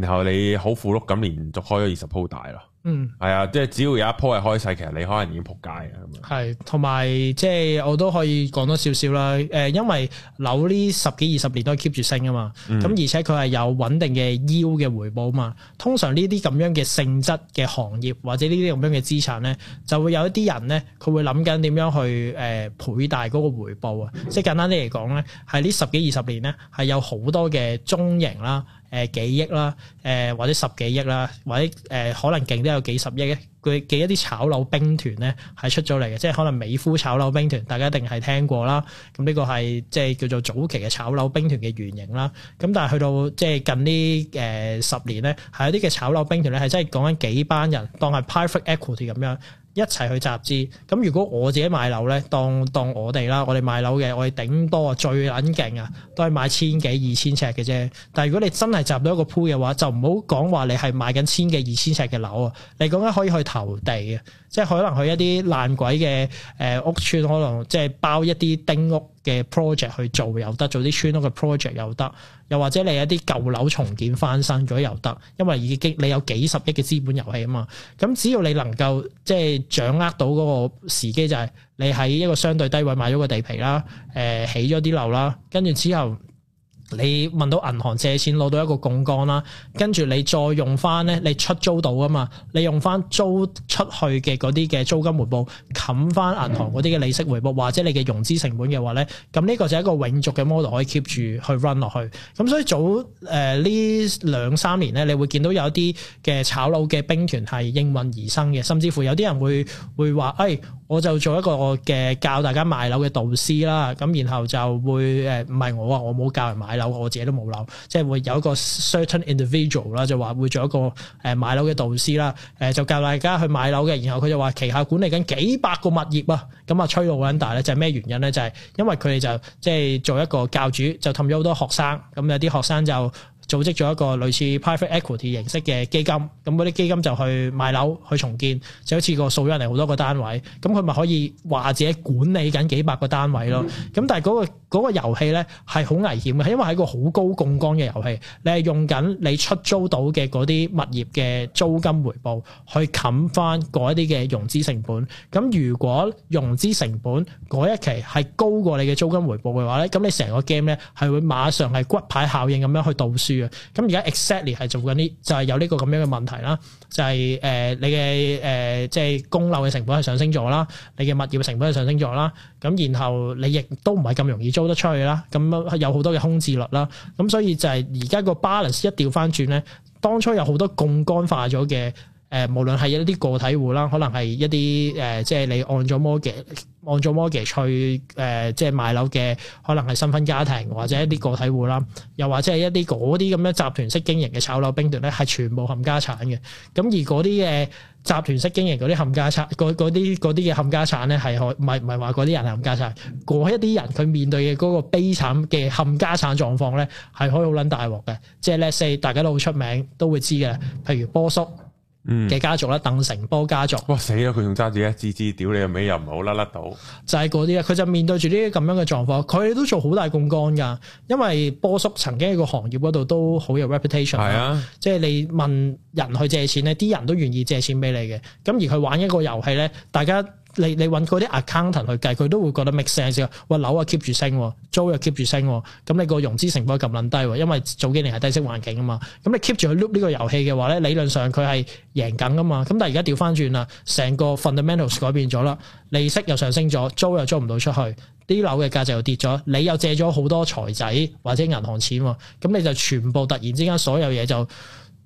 然後你好符碌咁連續開咗二十鋪大咯，嗯，係啊，即係只要有一鋪係開細，其實你可能已經仆街啊。係，同埋即係我都可以講多少少啦。誒、呃，因為樓呢十幾二十年都 keep 住升啊嘛，咁、嗯、而且佢係有穩定嘅 yield 嘅回報啊嘛。通常呢啲咁樣嘅性質嘅行業或者呢啲咁樣嘅資產咧，就會有一啲人咧，佢會諗緊點樣去誒倍大嗰個回報啊。即係、嗯、簡單啲嚟講咧，係呢十幾二十年咧，係有好多嘅中型啦。誒幾億啦，誒、呃、或者十幾億啦，或者誒、呃、可能勁都有幾十億嘅，佢嘅一啲炒樓兵團咧係出咗嚟嘅，即係可能美孚炒樓兵團，大家一定係聽過啦。咁、嗯、呢、這個係即係叫做早期嘅炒樓兵團嘅原型啦。咁但係去到即係近呢誒、呃、十年咧，係有啲嘅炒樓兵團咧係真係講緊幾班人當係 private equity 咁樣。一齊去集資，咁如果我自己買樓咧，當當我哋啦，我哋買樓嘅，我哋頂多啊最撚勁啊，都係買千幾二千尺嘅啫。但係如果你真係集到一個鋪嘅話，就唔好講話你係買緊千幾二千尺嘅樓啊，你講緊可以去投地啊，即係可能去一啲爛鬼嘅誒屋村，可能即係包一啲丁屋。嘅 project 去做又得，做啲村屋嘅 project 又得，又或者你有啲舊樓重建翻新咗又得，因為已經你有幾十億嘅資本遊戲啊嘛，咁只要你能夠即係掌握到嗰個時機，就係你喺一個相對低位買咗個地皮啦，誒起咗啲樓啦，跟住之後。你問到銀行借錢攞到一個槓桿啦，跟住你再用翻咧，你出租到啊嘛，你用翻租出去嘅嗰啲嘅租金回報，冚翻銀行嗰啲嘅利息回報，或者你嘅融資成本嘅話咧，咁呢個就係一個永續嘅 model 可以 keep 住去 run 落去。咁所以早誒呢、呃、兩三年咧，你會見到有一啲嘅炒樓嘅兵團係應運而生嘅，甚至乎有啲人會會話，哎。我就做一個我嘅教大家買樓嘅導師啦，咁然後就會誒，唔係我啊，我冇教人買樓，我自己都冇樓，即係會有一個 certain individual 啦，就話會做一個誒，買樓嘅導師啦，誒就教大家去買樓嘅，然後佢就話旗下管理緊幾百個物業啊，咁啊吹到好大，但係就係咩原因咧？就係因為佢哋就即係做一個教主，就氹咗好多學生，咁有啲學生就。組織咗一個類似 private equity 形式嘅基金，咁嗰啲基金就去買樓去重建，就好似個數人嚟好多個單位，咁佢咪可以或者管理緊幾百個單位咯。咁、嗯、但係嗰、嗰個。嗰個遊戲咧係好危險嘅，係因為係個好高槓桿嘅遊戲，你係用緊你出租到嘅嗰啲物業嘅租金回報去冚翻嗰一啲嘅融資成本。咁如果融資成本嗰一期係高過你嘅租金回報嘅話咧，咁你成個 game 咧係會馬上係骨牌效應咁樣去倒輸嘅。咁而家 exactly 係做緊呢，就係有呢個咁樣嘅問題啦，就係誒你嘅誒即係供樓嘅成本係上升咗啦，你嘅物業嘅成本係上升咗啦。咁然後你亦都唔係咁容易租得出去啦，咁有好多嘅空置率啦，咁所以就係而家個 balance 一調翻轉咧，當初有好多槓桿化咗嘅。誒、呃，無論係一啲個體戶啦，可能係一啲誒、呃，即係你按咗 mortgage，按咗 mortgage 去誒、呃，即係買樓嘅，可能係新婚家庭或者一啲個體戶啦，又或者係一啲嗰啲咁樣集團式經營嘅炒樓兵團咧，係全部冚家產嘅。咁而嗰啲嘅集團式經營嗰啲冚家產，嗰啲啲嘅冚家產咧，係可唔係唔係話嗰啲人冚家產？嗰一啲人佢面對嘅嗰個悲慘嘅冚家產狀況咧，係可以好撚大鑊嘅。即係咧，大家都好出名，都會知嘅，譬如波叔。嘅家族啦，鄧、嗯、成波家族。哇死啦，佢仲揸住一支支，屌你個尾又唔好甩甩到。就係嗰啲啊，佢就面對住呢啲咁樣嘅狀況，佢都做好大槓桿噶。因為波叔曾經喺個行業嗰度都好有 reputation，係啊，即係你問人去借錢咧，啲人都願意借錢俾你嘅。咁而佢玩一個遊戲咧，大家。你你揾嗰啲 accountant 去計，佢都會覺得 make sense。哇，樓啊 keep 住升，租又 keep 住升。咁你個融資成本咁撚低喎，因為早幾年係低息環境啊嘛。咁你 keep 住去 loop 呢個遊戲嘅話咧，理論上佢係贏緊噶嘛。咁但係而家調翻轉啦，成個 fundamentals 改變咗啦，利息又上升咗，租又租唔到出去，啲樓嘅價值又跌咗，你又借咗好多財仔或者銀行錢喎，咁你就全部突然之間所有嘢就～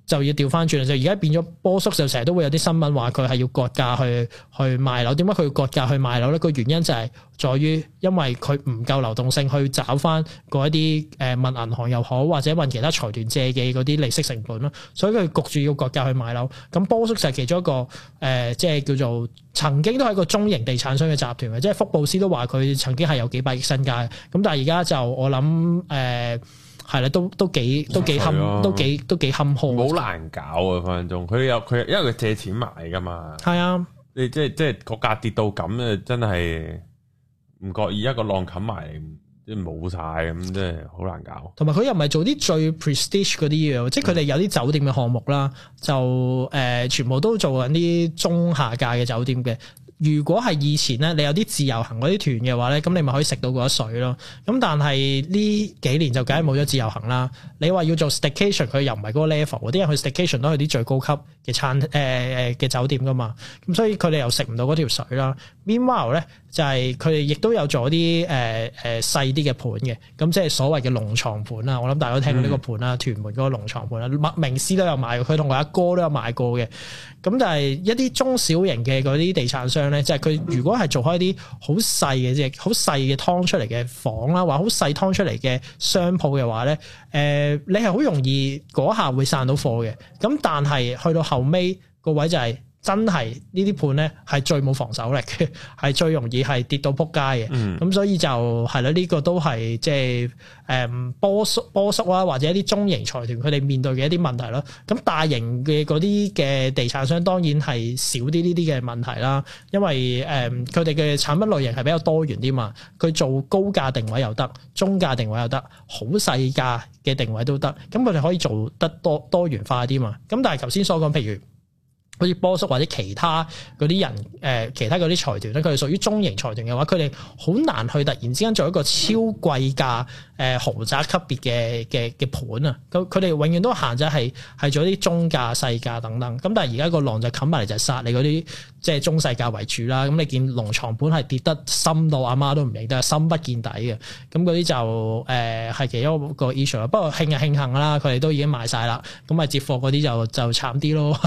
就要調翻轉，就而家變咗波叔，就成日都會有啲新聞話佢係要割價去去賣樓，點解佢要割價去賣樓呢？個原因就係在於，因為佢唔夠流動性去找翻嗰一啲誒問銀行又好，或者問其他財團借記嗰啲利息成本咯，所以佢焗住要割價去賣樓。咁波叔就係其中一個誒、呃，即係叫做曾經都係個中型地產商嘅集團嘅，即係福布斯都話佢曾經係有幾百億身家。咁但係而家就我諗誒。呃係啦，都都幾都幾堪，都幾都幾坎坷，好難搞啊！分分鐘，佢又佢，因為佢借錢買噶嘛。係啊的。你即係即係個價跌到咁啊！真係唔覺意一個浪冚埋，即係冇晒咁，真係好難搞。同埋佢又唔係做啲最 prestige 嗰啲嘢，即係佢哋有啲酒店嘅項目啦，嗯、就誒、呃，全部都做緊啲中下價嘅酒店嘅。如果係以前咧，你有啲自由行嗰啲團嘅話咧，咁你咪可以食到嗰啲水囉。咁但係呢幾年就梗係冇咗自由行啦。你話要做 Staycation，佢又唔係嗰個 level。啲人去 Staycation 都係啲最高級嘅餐廳誒誒嘅酒店噶嘛。咁所以佢哋又食唔到嗰條水啦。Meanwhile 咧，就係佢哋亦都有做啲誒誒細啲嘅盤嘅。咁即係所謂嘅農場盤啦。我諗大家都聽過呢個盤啦，嗯、屯門嗰個農場盤啦。麥明詩都有買過，佢同我阿哥，哥都有買過嘅。咁但係一啲中小型嘅嗰啲地產商咧，即係佢如果係做開啲好細嘅啫，好細嘅劏出嚟嘅房啦，或好細劏出嚟嘅商鋪嘅話咧，誒、呃。你係好容易嗰下會散到貨嘅，咁但係去到後尾，嗰個位就係、是。真係呢啲盤呢，係最冇防守力嘅，係最容易係跌到扑街嘅。咁、嗯、所以就係啦，呢、這個都係即係誒，波縮波縮啦、啊，或者一啲中型財團佢哋面對嘅一啲問題啦。咁大型嘅嗰啲嘅地產商當然係少啲呢啲嘅問題啦，因為誒佢哋嘅產品類型係比較多元啲嘛，佢做高價定位又得，中價定位又得，好細價嘅定位都得，咁佢哋可以做得多多元化啲嘛。咁但係頭先所講，譬如，好似波叔或者其他嗰啲人，誒、呃、其他嗰啲財團咧，佢哋屬於中型財團嘅話，佢哋好難去突然之間做一個超貴價誒豪宅級別嘅嘅嘅盤啊！咁佢哋永遠都限制係係做一啲中價細價等等。咁但係而家個浪就冚埋嚟就殺你嗰啲，即係中細價為主啦。咁、嗯、你見農場盤係跌得深到阿媽都唔明，即係深不見底嘅。咁嗰啲就誒、是、係、呃、其中一個 issue 啦。不過慶就慶幸啦，佢哋都已經賣晒啦。咁啊接貨嗰啲就就慘啲咯，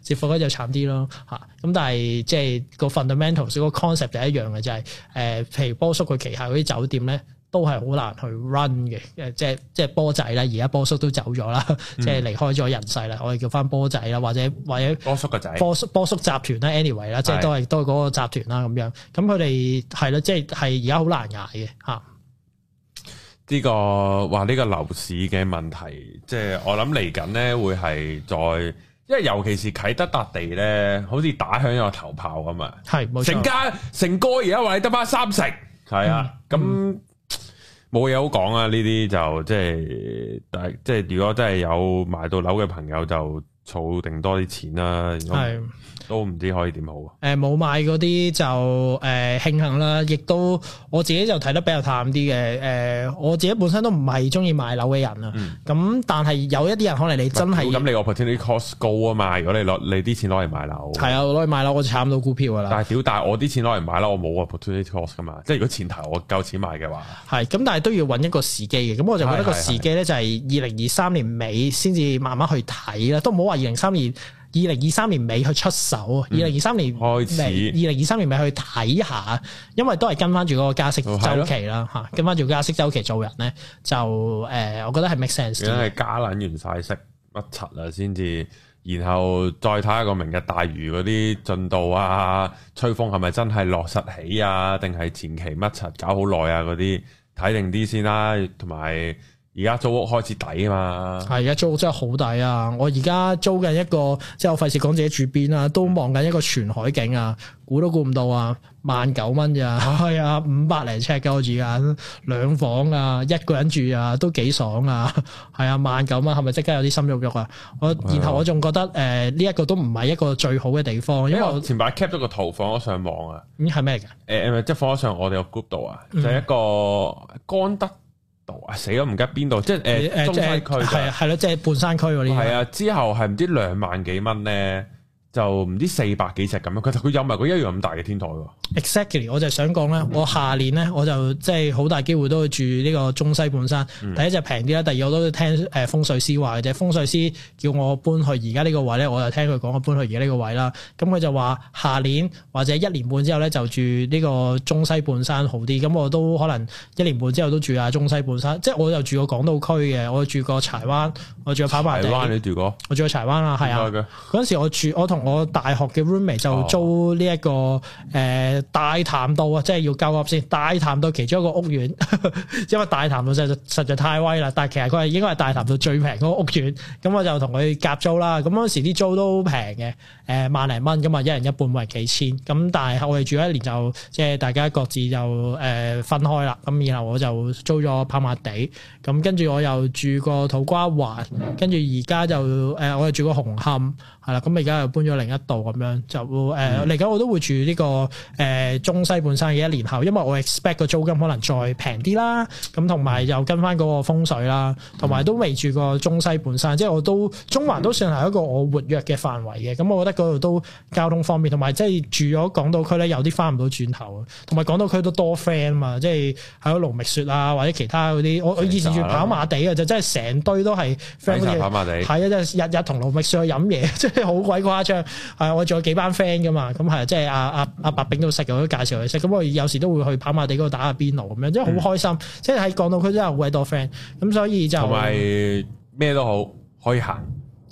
接貨 [LAUGHS] 就慘啲咯嚇，咁但係即係個 fundamental 個 concept 就一樣嘅，就係誒，譬如波叔佢旗下嗰啲酒店咧，都係好難去 run 嘅，誒，即係即係波仔啦，而家波叔都走咗啦，即係、嗯、離開咗人世啦，我哋叫翻波仔啦，或者或者波叔個仔，波叔波叔集團咧，anyway 啦，即係都係都嗰個集團啦，咁樣的，咁佢哋係咯，即係係而家好難捱嘅嚇。呢、這個話呢、這個樓市嘅問題，即、就、係、是、我諗嚟緊咧，會係再。因為尤其是啟德笪地咧，好似打響一個頭炮咁啊！係，冇錯。成家成哥而家話你得翻三成，係啊。咁冇嘢好講啊！呢啲就即係，但即係如果真係有買到樓嘅朋友，就儲定多啲錢啦，啊。都唔知可以點好啊？誒冇、呃、買嗰啲就誒、呃、慶幸啦，亦都我自己就睇得比較淡啲嘅。誒、呃、我自己本身都唔係中意買樓嘅人啊。咁、嗯、但係有一啲人可能你真係咁你個 opportunity cost 高啊嘛。如果你攞你啲錢攞嚟買樓，係啊，攞嚟買樓我就炒唔到股票噶啦。但係屌，但係我啲錢攞嚟買樓啦，我冇啊 opportunity cost 噶嘛。即係如果前提我夠錢買嘅話，係咁，但係都要揾一個時機嘅。咁我就覺得個時機咧就係二零二三年尾先至慢慢去睇啦。都唔好話二零三年。二零二三年尾去出手，二零二三年開始，二零二三年尾去睇下，因為都係跟翻住嗰個加息周期啦，嚇、嗯、跟翻住加息周期做人咧，就誒、呃，我覺得係 make sense 完完。已經加捻完晒息乜柒啦，先至，然後再睇下個明日大嶼嗰啲進度啊，吹風係咪真係落實起啊？定係前期乜柒搞好耐啊，啊？嗰啲睇定啲先啦，同埋。而家租屋開始抵啊嘛！係而家租屋真係好抵啊！我而家租緊一個，即係我費事講自己住邊啊，都望緊一個全海景猜猜 19, 啊！估都估唔到啊，萬九蚊咋？係啊，五百零尺嘅我住緊兩房啊，一個人住啊，都幾爽啊！係啊，萬九蚊係咪即刻有啲心喐喐啊？我然後我仲覺得誒呢一個都唔係一個最好嘅地方，哎、呀因為我前排 keep 咗個圖放咗上網啊。嗯，係咩嘅？誒誒、嗯，即係放咗上我哋個 group 度啊，就係、是、一個乾德。死咗唔記得邊度，即係、呃呃、中西區、呃啊啊啊，即係係係咯，即係半山區嗰啲。係啊，之後係唔知兩萬幾蚊咧。就唔知四百幾尺咁樣，佢佢有埋佢一樣咁大嘅天台喎。Exactly，我就想講咧，我下年咧，我就即係好大機會都會住呢個中西半山。嗯、第一就平啲啦，第二我都聽誒風水師話嘅啫。風水師叫我搬去而家呢個位咧，我就聽佢講我搬去而家呢個位啦。咁佢就話下年或者一年半之後咧，就住呢個中西半山好啲。咁我都可能一年半之後都住下中西半山。即係我就住過港島區嘅，我住過柴灣，我住過跑馬地。柴灣你住過？我住過柴灣啦，係啊。嗰陣時我住，我同。我大學嘅 roommate 就租呢、這、一個誒、呃、大潭道啊，即係要交合先大潭道其中一個屋苑， [LAUGHS] 因為大潭道實、實在太威啦。但係其實佢係應該係大潭道最平嗰個屋苑，咁我就同佢夾租啦。咁嗰時啲租都平嘅，誒、呃、萬零蚊咁啊，一人一半咪幾千。咁但係我哋住咗一年就即係大家各自就誒、呃、分開啦。咁然後我就租咗跑馬地，咁跟住我又住過土瓜灣，跟、呃、住而家就誒我又住過紅磡係啦。咁而家又搬咗另一度咁樣就誒嚟緊我都會住呢、這個誒、呃、中西半山嘅一年後，因為我 expect 個租金可能再平啲啦，咁同埋又跟翻嗰個風水啦，同埋都未住過中西半山，即係我都中環都算係一個我活躍嘅範圍嘅，咁我覺得嗰度都交通方便，同埋即係住咗港島區咧有啲翻唔到轉頭，同埋港島區都多 friend 啊嘛，即係喺度盧覓雪啊或者其他嗰啲，我我以前住跑馬地啊，就真係成堆都係 friend 嘅，跑馬地係啊，即係日日同盧覓雪去飲嘢，即係好鬼誇張。係、啊、我仲有幾班 friend 噶嘛，咁係即係阿阿阿白兵都識，我都介紹佢識。咁、啊、我有時都會去跑馬地嗰度打下邊爐咁樣，即係好開心。嗯、即係喺港島區真係好多 friend，咁所以就同咩都好可以行。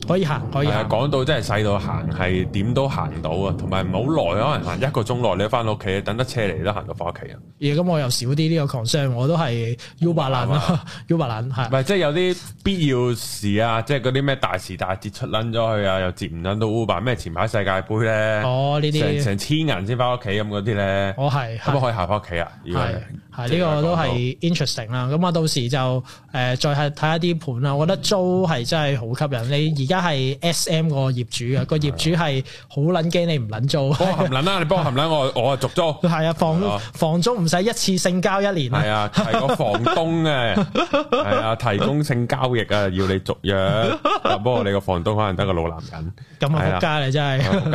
可以行，可以。係啊，講到真係細到行，係點都行到啊！同埋唔好耐，可能行一個鐘內，你翻到屋企，等得車嚟都行到翻屋企啊！而咁、嗯、我又少啲呢個 concern，我都係、嗯嗯、 [LAUGHS] uber 攬啦，uber 攬係。唔係，即、就、係、是、有啲必要事啊，即係嗰啲咩大時大節出捻咗去啊，又接唔捻到 uber 咩？前排世界杯咧，哦呢啲，成千人先翻屋企咁嗰啲咧，我係、哦，可唔可以行翻屋企啊？係的。係呢個都係 interesting 啦，咁啊到時就誒再係睇下啲盤啦。我覺得租係真係好吸引。你而家係 SM 個業主啊，個業主係好捻驚，你唔捻租。我含捻啦，你幫我含捻，我我啊續租。係啊，房房租唔使一次性交一年啊。係啊，個房東啊，係啊，提供性交易啊，要你續約。不過你個房東可能得個老男人。咁啊，假你真係係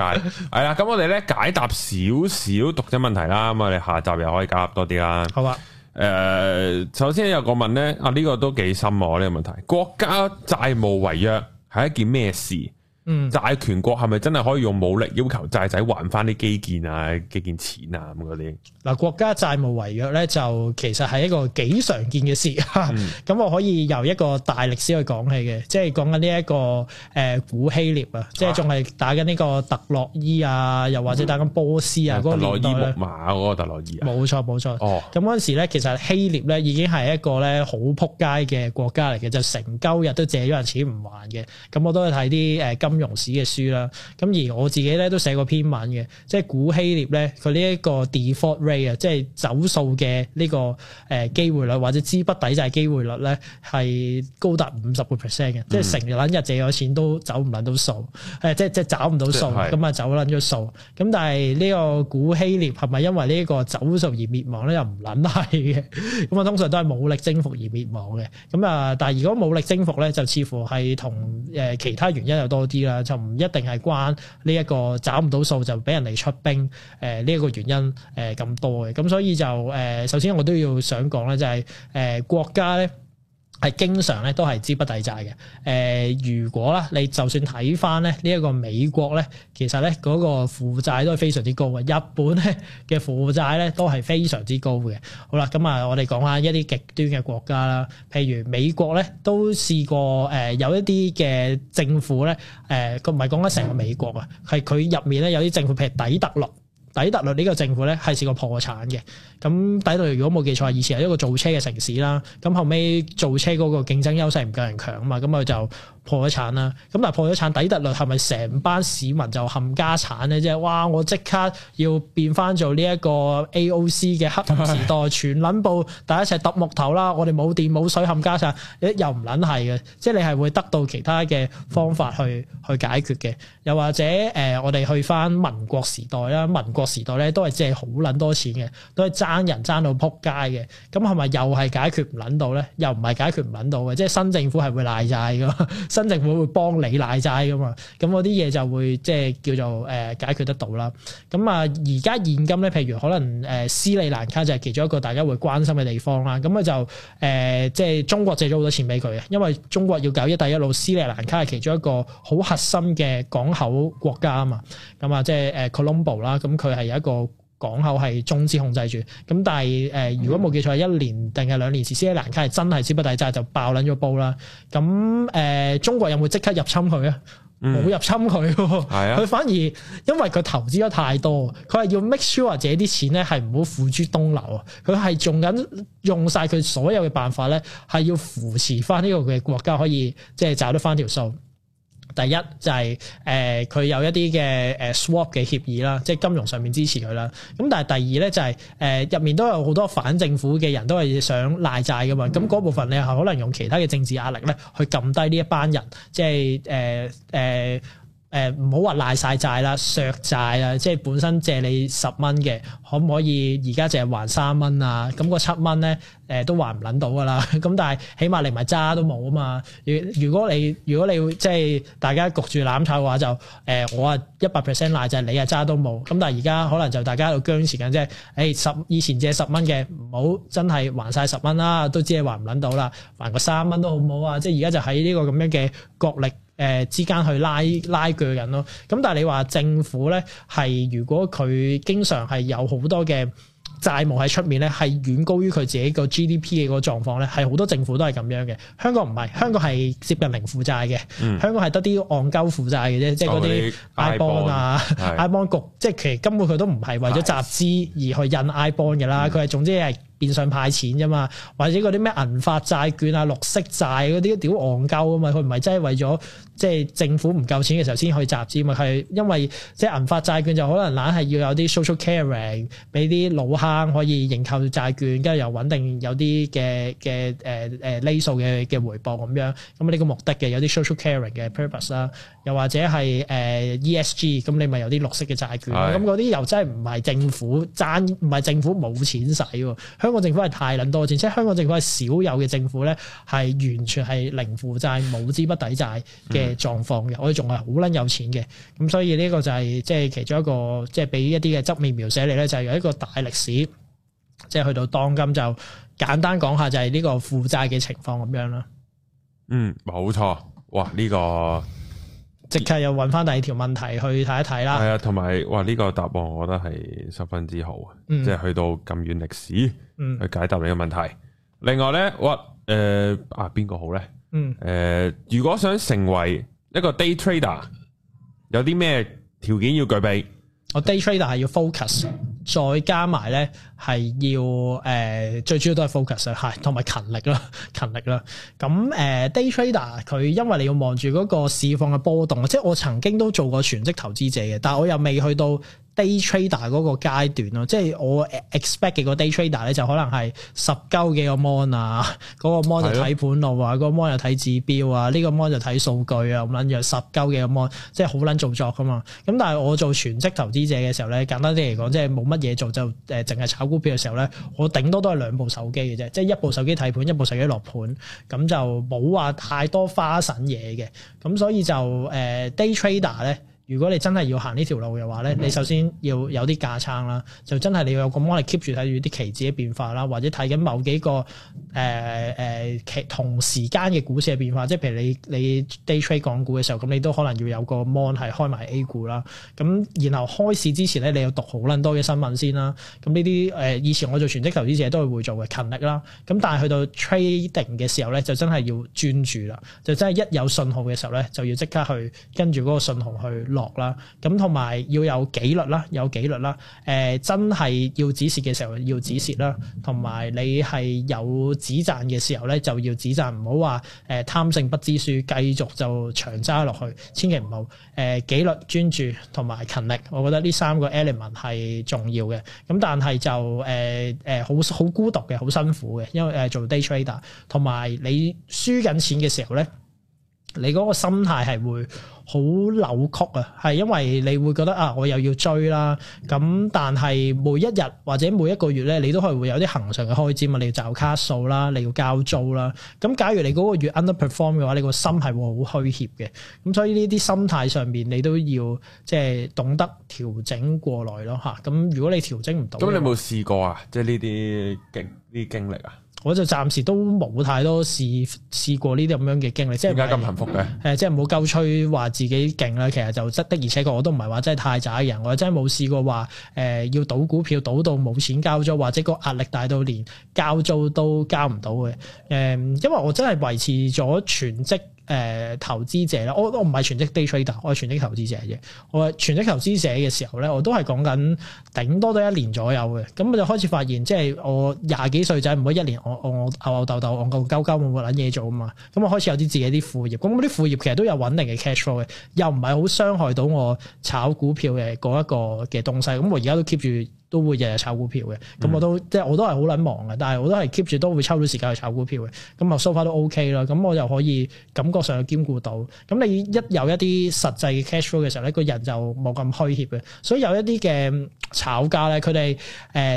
啦，咁我哋咧解答少少讀者問題啦。咁啊，你下集又可以加多啲啦。好。誒、呃，首先有個問呢，啊呢、這個都幾深喎、啊、呢、這個問題，國家債務違約係一件咩事？嗯，債權國係咪真係可以用武力要求債仔還翻啲基建啊、基建錢啊咁啲？嗱，國家債務違約咧就其實係一個幾常見嘅事。咁、嗯、 [LAUGHS] 我可以由一個大歷史去講起嘅，即係講緊呢一個誒、呃、古希臘啊，即係仲係打緊、啊嗯、呢個特洛伊啊，又或者打緊波斯啊嗰個年代咧。特洛伊木馬嗰個特洛伊啊，冇錯冇錯。哦，咁嗰陣時咧，其實希臘咧已經係一個咧好扑街嘅國家嚟嘅，就成鳩日都借咗人錢唔還嘅。咁我都去睇啲誒金金融史嘅書啦，咁而我自己咧都寫過篇文嘅，即係古希臘咧佢呢一個 default rate 啊，即係走數嘅呢個誒機會率或者資不抵債機會率咧係高達五十個 percent 嘅，嗯、即係成日捻日借咗錢都走唔捻、嗯、到數，誒即係即係找唔到數，咁啊走捻咗數，咁是但係呢個古希臘係咪因為呢個走數而滅亡咧？又唔捻係嘅，咁 [LAUGHS] 啊通常都係武力征服而滅亡嘅，咁啊但係如果武力征服咧，就似乎係同誒其他原因有多啲。就唔一定係關呢、這、一個找唔到數，就俾人哋出兵誒呢一個原因誒咁、呃、多嘅，咁所以就誒、呃、首先我都要想講咧，就係、是、誒、呃、國家咧。係經常咧都係資不抵債嘅。誒、呃，如果咧你就算睇返咧呢一個美國咧，其實咧嗰個負債都係非常之高嘅。日本咧嘅負債咧都係非常之高嘅。好啦，咁啊，我哋講下一啲極端嘅國家啦。譬如美國咧都試過誒、呃、有一啲嘅政府咧誒，佢唔係講緊成個美國啊，係佢入面咧有啲政府譬如底特律。底特律呢個政府咧係試過破產嘅，咁底特律如果冇記錯，以前係一個造車嘅城市啦，咁後尾，造車嗰個競爭優勢唔夠人強啊嘛，咁佢就破咗產啦，咁但破咗產底特律係咪成班市民就冚家產咧？即係哇，我即刻要變翻做呢一個 A.O.C 嘅黑暗時代， [LAUGHS] 全撚部大家一齊揼木頭啦！我哋冇電冇水冚家產，誒又唔撚係嘅，即係你係會得到其他嘅方法去去解決嘅。又或者誒、呃，我哋去翻民國時代啦，民國時代咧都係借好撚多錢嘅，都係爭人爭到撲街嘅。咁係咪又係解決唔撚到咧？又唔係解決唔撚到嘅，即係新政府係會賴債㗎。 [LAUGHS] 新政府會幫你賴債噶嘛，咁嗰啲嘢就會即係叫做誒、呃、解決得到啦。咁啊，而家現今咧，譬如可能誒、呃、斯里蘭卡就係其中一個大家會關心嘅地方啦。咁啊就誒、呃、即係中國借咗好多錢俾佢嘅，因為中國要搞一帶一路，斯里蘭卡係其中一個好核心嘅港口國家啊嘛。咁、嗯、啊，即係誒、呃、Colombo 啦，咁佢係有一個港口係中資控制住，咁但係誒，呃嗯、如果冇記錯係一年定係兩年前，斯里蘭卡係真係資不抵債就爆撚咗煲啦。咁誒、呃，中國有冇即刻入侵佢、嗯哦、啊？冇入侵佢，係啊，佢反而因為佢投資咗太多，佢係要 make sure 自己啲錢咧係唔好付諸東流啊。佢係仲緊用晒佢所有嘅辦法咧，係要扶持翻呢個嘅國家可以即係找得翻條數。第一就係誒佢有一啲嘅誒 swap 嘅協議啦，即係金融上面支持佢啦。咁但係第二咧就係誒入面都有好多反政府嘅人都係想賴債㗎嘛。咁嗰部分你係可能用其他嘅政治壓力咧去撳低呢一班人，即係誒誒。呃呃誒唔好話賴晒債啦，削債啦，即係本身借你十蚊嘅，可唔可以而家淨係還三蚊啊？咁、那個七蚊咧，誒、呃、都還唔撚到㗎啦。咁但係起碼你唔係渣都冇啊嘛。如果如果你如果你即係大家焗住攬炒嘅話，就誒、呃、我啊一百 percent 賴債，就是、你啊渣都冇。咁但係而家可能就大家喺度僵持緊。誒、欸、十以前借十蚊嘅，唔好真係還晒十蚊啦，都知係還唔撚到啦，還個三蚊都好唔好啊？即係而家就喺呢個咁樣嘅角力。誒之間去拉拉鋸人咯，咁但係你話政府咧係如果佢經常係有好多嘅債務喺出面咧，係遠高於佢自己個 GDP 嘅個狀況咧，係好多政府都係咁樣嘅。香港唔係，香港係接近零負債嘅，嗯、香港係得啲戇鳩負債嘅啫，即係嗰啲 I bond 啊的，I bond 局，即係其實根本佢都唔係為咗集資而去印 I bond 嘅啦，佢係的、嗯、總之係。變相派錢啫嘛，或者嗰啲咩銀發債券啊、綠色債嗰啲，屌戇鳩啊嘛，佢唔係真係為咗即係政府唔夠錢嘅時候先去集資嘛，係因為即係、就是、銀發債券就可能懶係要有啲 social caring 俾啲老坑可以認購債券，跟住又穩定有啲嘅嘅誒誒厘數嘅嘅回報咁樣，咁呢個目的嘅有啲 social caring 嘅 purpose 啦，又或者係誒、呃、ESG，咁你咪有啲綠色嘅債券，咁嗰啲又真係唔係政府爭，唔係政府冇錢使喎。香港政府係太捻多錢，即係香港政府係少有嘅政府咧，係完全係零負債、冇資不抵債嘅狀況嘅，嗯、我哋仲係好捻有錢嘅。咁所以呢個就係即係其中一個，即係俾一啲嘅側面描寫嚟咧，就係、是、有一個大歷史，即係去到當今就簡單講下就係呢個負債嘅情況咁樣啦。嗯，冇錯，哇呢、呢個。即刻又揾翻第二條問題去睇一睇啦。係啊，同埋哇，呢個答案我覺得係十分之好啊！嗯、即係去到咁遠歷史、嗯、去解答你嘅問題。另外咧，哇誒、呃、啊邊個好咧？誒、嗯呃，如果想成為一個 day trader，有啲咩條件要具備？我 day trader 係要 focus，再加埋咧係要，誒、呃、最主要都係 focus 啦，係同埋勤力啦，勤力啦。咁誒、呃、day trader 佢因為你要望住嗰個市況嘅波動，即係我曾經都做過全職投資者嘅，但係我又未去到。day trader 嗰個階段咯，即係我 expect 嘅個 day trader 咧就可能係十鳩幾個 mon 啊，嗰個 mon 就睇盤咯，或者嗰個 mon 就睇指標啊，呢個 mon 就睇數據啊，咁諗住十鳩幾個 mon 即係好撚做作噶嘛。咁但係我做全職投資者嘅時候咧，簡單啲嚟講，即係冇乜嘢做，就誒淨係炒股票嘅時候咧，我頂多都係兩部手機嘅啫，即係一部手機睇盤，一部手機落盤，咁就冇話太多花神嘢嘅，咁所以就誒 day trader 咧。如果你真係要行呢條路嘅話咧，你首先要有啲架撐啦，就真係你要有個 mon 嚟 keep 住睇住啲期指嘅變化啦，或者睇緊某幾個誒誒、呃、同時間嘅股市嘅變化，即係譬如你你 day trade 港股嘅時候，咁你都可能要有個 mon 係開埋 A 股啦。咁然後開市之前咧，你要讀好撚多嘅新聞先啦。咁呢啲誒以前我做全職投資者都係會做嘅勤力啦。咁但係去到 trading 嘅時候咧，就真係要專注啦，就真係一有信號嘅時候咧，就要即刻去跟住嗰個信號去落啦，咁同埋要有紀律啦，有紀律啦。誒、呃，真係要止蝕嘅時候要止蝕啦，同埋你係有止賺嘅時候咧就要止賺，唔好話誒貪勝不知輸，繼續就長揸落去，千祈唔好誒，紀律、專注同埋勤力。我覺得呢三個 element 係重要嘅，咁但係就誒誒好好孤獨嘅，好辛苦嘅，因為誒、呃、做 day trader，同埋你輸緊錢嘅時候咧。你嗰個心態係會好扭曲啊，係因為你會覺得啊，我又要追啦。咁但係每一日或者每一個月咧，你都係會有啲恆常嘅開支嘛，你要找卡數啦，你要交租啦。咁假如你嗰個月 underperform 嘅話，你個心係會好虛怯嘅。咁所以呢啲心態上面，你都要即係、就是、懂得調整過來咯吓。咁如果你調整唔到，咁你有冇試過啊？即係呢啲經、呢啲經歷啊？我就暫時都冇太多試試過呢啲咁樣嘅經歷，即係點解咁幸福嘅？誒、呃，即係唔好鳩吹話自己勁啦，其實就的而且確，而且我都唔係話真係太渣嘅人，我真係冇試過話誒、呃、要賭股票賭到冇錢交租，或者個壓力大到連交租都交唔到嘅。誒、呃，因為我真係維持咗全職。誒投資者咧，我我唔係全職 day trader，我係全職投資者啫。我係全職投資者嘅時候咧，我都係講緊頂多都一年左右嘅。咁我就開始發現，即係我廿幾歲仔唔可以一年我我我吽吽豆豆，我夠鳩鳩，我冇撚嘢做啊嘛。咁我，我，我、uh、我開始有啲自己啲副業。咁嗰啲副業其實都有穩定嘅 cash flow 嘅，又唔係好傷害到我炒股票嘅嗰一個嘅東西。咁我而家都 keep 住。都會日日炒股票嘅，咁、嗯、我都即係、就是、我都係好撚忙嘅，但係我都係 keep 住都會抽到時間去炒股票嘅，咁啊，so far 都 OK 啦，咁我就可以感覺上去兼顧到。咁你一有一啲實際嘅 cash flow 嘅時候咧，個人就冇咁虛怯嘅。所以有一啲嘅炒家咧，佢哋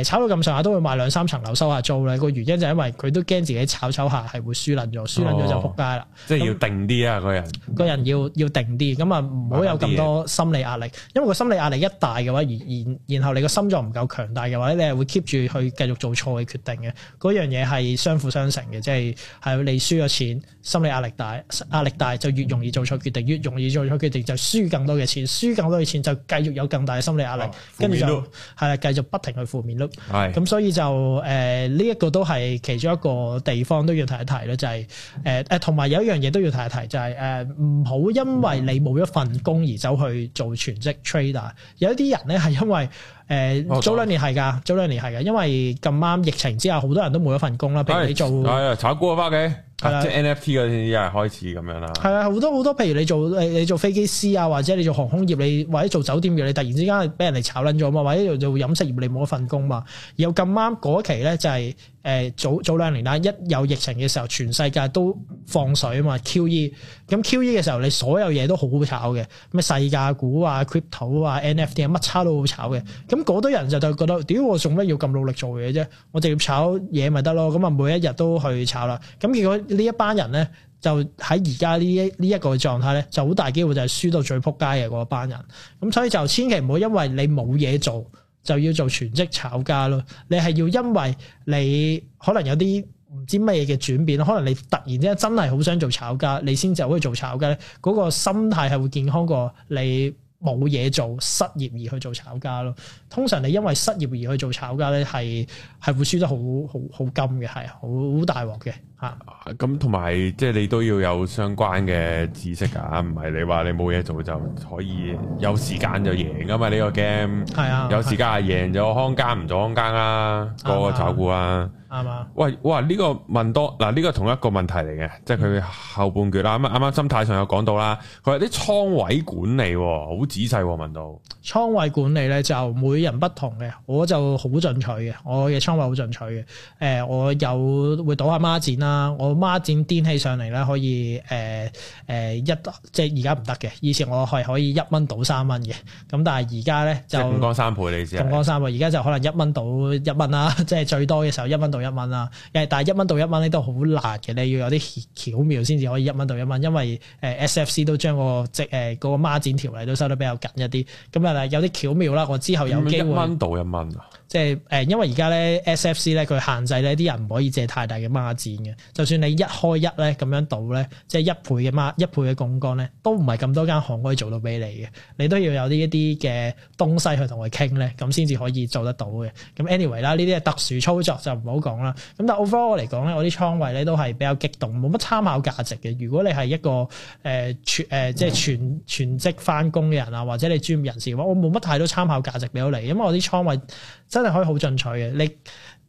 誒炒到咁上下都會賣兩三層樓收下租咧，個原因就係因為佢都驚自己炒炒下係會輸撚咗，哦、輸撚咗就仆街啦。即係要定啲啊個人，個人要、嗯、要定啲，咁啊唔好有咁多心理壓力，因為個心理壓力一大嘅話，然後然後你個心臟唔夠。強大嘅話咧，你係會 keep 住去繼續做錯嘅決定嘅，嗰樣嘢係相輔相成嘅，即係係你輸咗錢，心理壓力大，壓力大就越容易做錯決定，越容易做錯決定就輸更多嘅錢，輸更多嘅錢就繼續有更大嘅心理壓力，跟住、哦、就係啦，繼續不停去負面咯，係咁的，所以就誒呢一個都係其中一個地方都要提一提咧，就係誒誒，同埋有一樣嘢都要提一提，就係誒唔好因為你冇一份工而走去做全職 Trader，有一啲人咧係因為。誒、嗯，早兩年係噶，早兩年係噶，因為咁啱疫情之下，好多人都冇咗份工啦。譬如你做，哎呀啊，炒股啊，翻屋企，即係 NFT 嗰啲又開始咁樣啦。係啊，好多好多，譬如你做你你做飛機師啊，或者你做航空業，你或者做酒店業，你突然之間俾人哋炒撚咗嘛，或者做飲食業你冇咗份工嘛。然後咁啱嗰期咧就係、是。誒早早兩年啦，一有疫情嘅時候，全世界都放水啊嘛，QE。咁 QE 嘅時候，你所有嘢都好炒嘅，咩世界股啊、Crypto 啊、NFT 啊，乜叉都好炒嘅。咁嗰多人就就覺得，屌我做乜要咁努力做嘢啫？我直接炒嘢咪得咯。咁啊，每一日都去炒啦。咁結果呢一班人咧，就喺而家呢呢一個狀態咧，就好大機會就係輸到最撲街嘅嗰班人。咁所以就千祈唔好因為你冇嘢做。就要做全職炒家咯，你係要因為你可能有啲唔知乜嘢嘅轉變，可能你突然之間真係好想做炒家，你先至走去做炒家，嗰、嗰個心態係會健康過你冇嘢做失業而去做炒家咯。通常你因為失業而去做炒家咧，係，係會輸得好好好甘嘅，係啊，好大鑊嘅嚇。咁同埋即係你都要有相關嘅知識㗎，啊，唔係你話你冇嘢做就可以有時間就贏㗎嘛？呢個 game 係啊，這個、啊有時間係贏咗康家唔做，康家啦，啊那個炒股啊，啱啊。啊喂，哇！呢、這個問多嗱，呢、啊這個同一個問題嚟嘅，即係佢後半句啦。啱啱啱啱，剛剛心態上有講到啦，佢話啲倉位管理好、啊、仔細、啊、問到倉位管理咧，就每人不同嘅，我就好進取嘅，我嘅倉位好進取嘅。誒、呃，我有會賭下孖展啦，我孖展癲起上嚟咧可以誒誒一，即係而家唔得嘅，以前我係可以一蚊賭三蚊嘅，咁但係而家咧就五光三倍你知啊，五光三倍，而家就可能一蚊賭一蚊啦，即係最多嘅時候一蚊賭一蚊啦。誒，但係一蚊賭一蚊咧都好難嘅，你要有啲巧妙先至可以一蚊賭一蚊，因為誒 SFC 都將、個即係誒嗰個孖展條例都收得比較緊一啲，咁啊有啲巧妙啦，我之後有。一蚊元到一蚊元啊！一元一元即係誒，因為而家咧 SFC 咧佢限制咧啲人唔可以借太大嘅孖展嘅，就算你一開一咧咁樣賭咧，即係一倍嘅孖一倍嘅槓桿咧，都唔係咁多間行可以做到俾你嘅，你都要有呢一啲嘅東西去同佢傾咧，咁先至可以做得到嘅。咁 anyway 啦，呢啲係特殊操作就唔好講啦。咁但係 overall 嚟講咧，我啲倉位咧都係比較激動，冇乜參考價值嘅。如果你係一個誒、呃、全誒、呃、即係全全職返工嘅人啊，或者你專業人士嘅話，我冇乜太多參考價值俾到你，因為我啲倉位。真係可以好進取嘅，你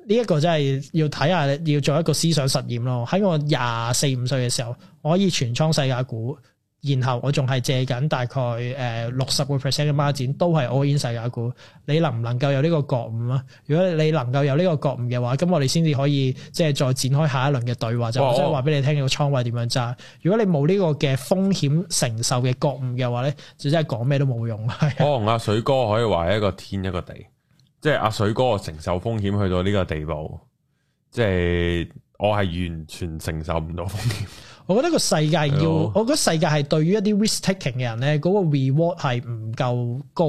呢一個真係要睇下，你要做一個思想實驗咯。喺我廿四五歲嘅時候，我可以全倉世界股，然後我仲係借緊大概誒六十個 percent 嘅孖展，都係 all in 世界股。你能唔能夠有呢個覺悟啊？如果你能夠有呢個覺悟嘅話，咁我哋先至可以即係再展開下一輪嘅對話哇就即係話俾你聽個倉位點樣揸。如果你冇呢個嘅風險承受嘅覺悟嘅話咧，就真係講咩都冇用。可能阿水哥可以話一個天一個地。即係阿水哥承受風險去到呢個地步，即係我係完全承受唔到風險。我覺得個世界要，我覺得世界係對於一啲 risk-taking 嘅人咧，嗰個 reward 係唔夠高。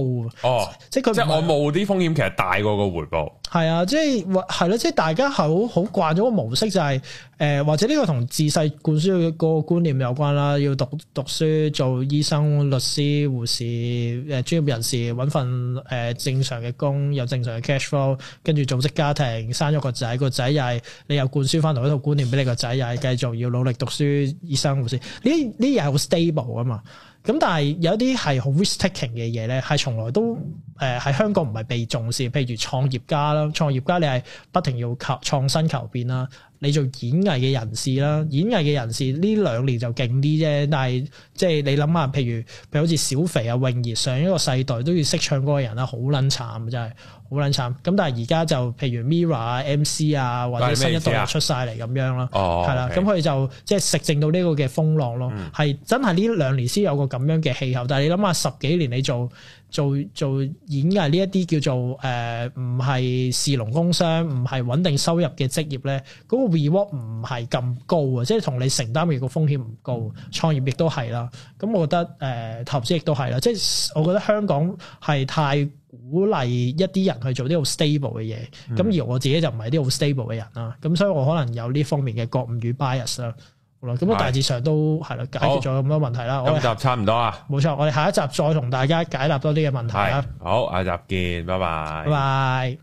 哦，即係佢即係我冒啲風險，其實大過個回報。係啊，即係或係咯，即係大家好好慣咗個模式就係、是、誒、呃，或者呢個同自細灌輸個觀念有關啦，要讀讀書做醫生、律師、護士誒，專、呃、業人士搵份誒、呃、正常嘅工，有正常嘅 cash flow，跟住組織家庭，生咗個仔，個仔又係你又灌輸翻同嗰套觀念俾你個仔，又係繼續要努力讀書，醫生、護士。呢啲呢啲係好 stable 啊嘛。咁但係有啲係好 risk-taking 嘅嘢咧，係從來都誒喺、呃、香港唔係被重視，譬如創業家啦，創業家你係不停要求創新求變啦。你做演藝嘅人士啦，演藝嘅人士呢兩年就勁啲啫，但係即係你諗下，譬如譬如好似小肥啊、泳兒上一個世代都要識唱歌嘅人啦，好撚慘真係好撚慘。咁但係而家就譬如 Mirror 啊、MC 啊，或者新一代出晒嚟咁樣啦，係啦，咁佢就即係、就是、食正到呢個嘅風浪咯，係、嗯、真係呢兩年先有個咁樣嘅氣候。但係你諗下，十幾年你做，做做演藝呢一啲叫做誒唔係士農工商唔係穩定收入嘅職業咧，嗰、那個 reward 唔係咁高啊！即係同你承擔嘅個風險唔高，創業亦都係啦。咁我覺得誒、呃、投資亦都係啦。即係我覺得香港係太鼓勵一啲人去做啲好 stable 嘅嘢。咁、嗯、而我自己就唔係啲好 stable 嘅人啦。咁所以我可能有呢方面嘅覺悟與 bias 啦。咁啊，我大致上都係啦，解決咗咁多問題啦。好我哋今集差唔多啊，冇錯，我哋下一集再同大家解答多啲嘅問題啊。好，下一集見，拜拜。拜，拜。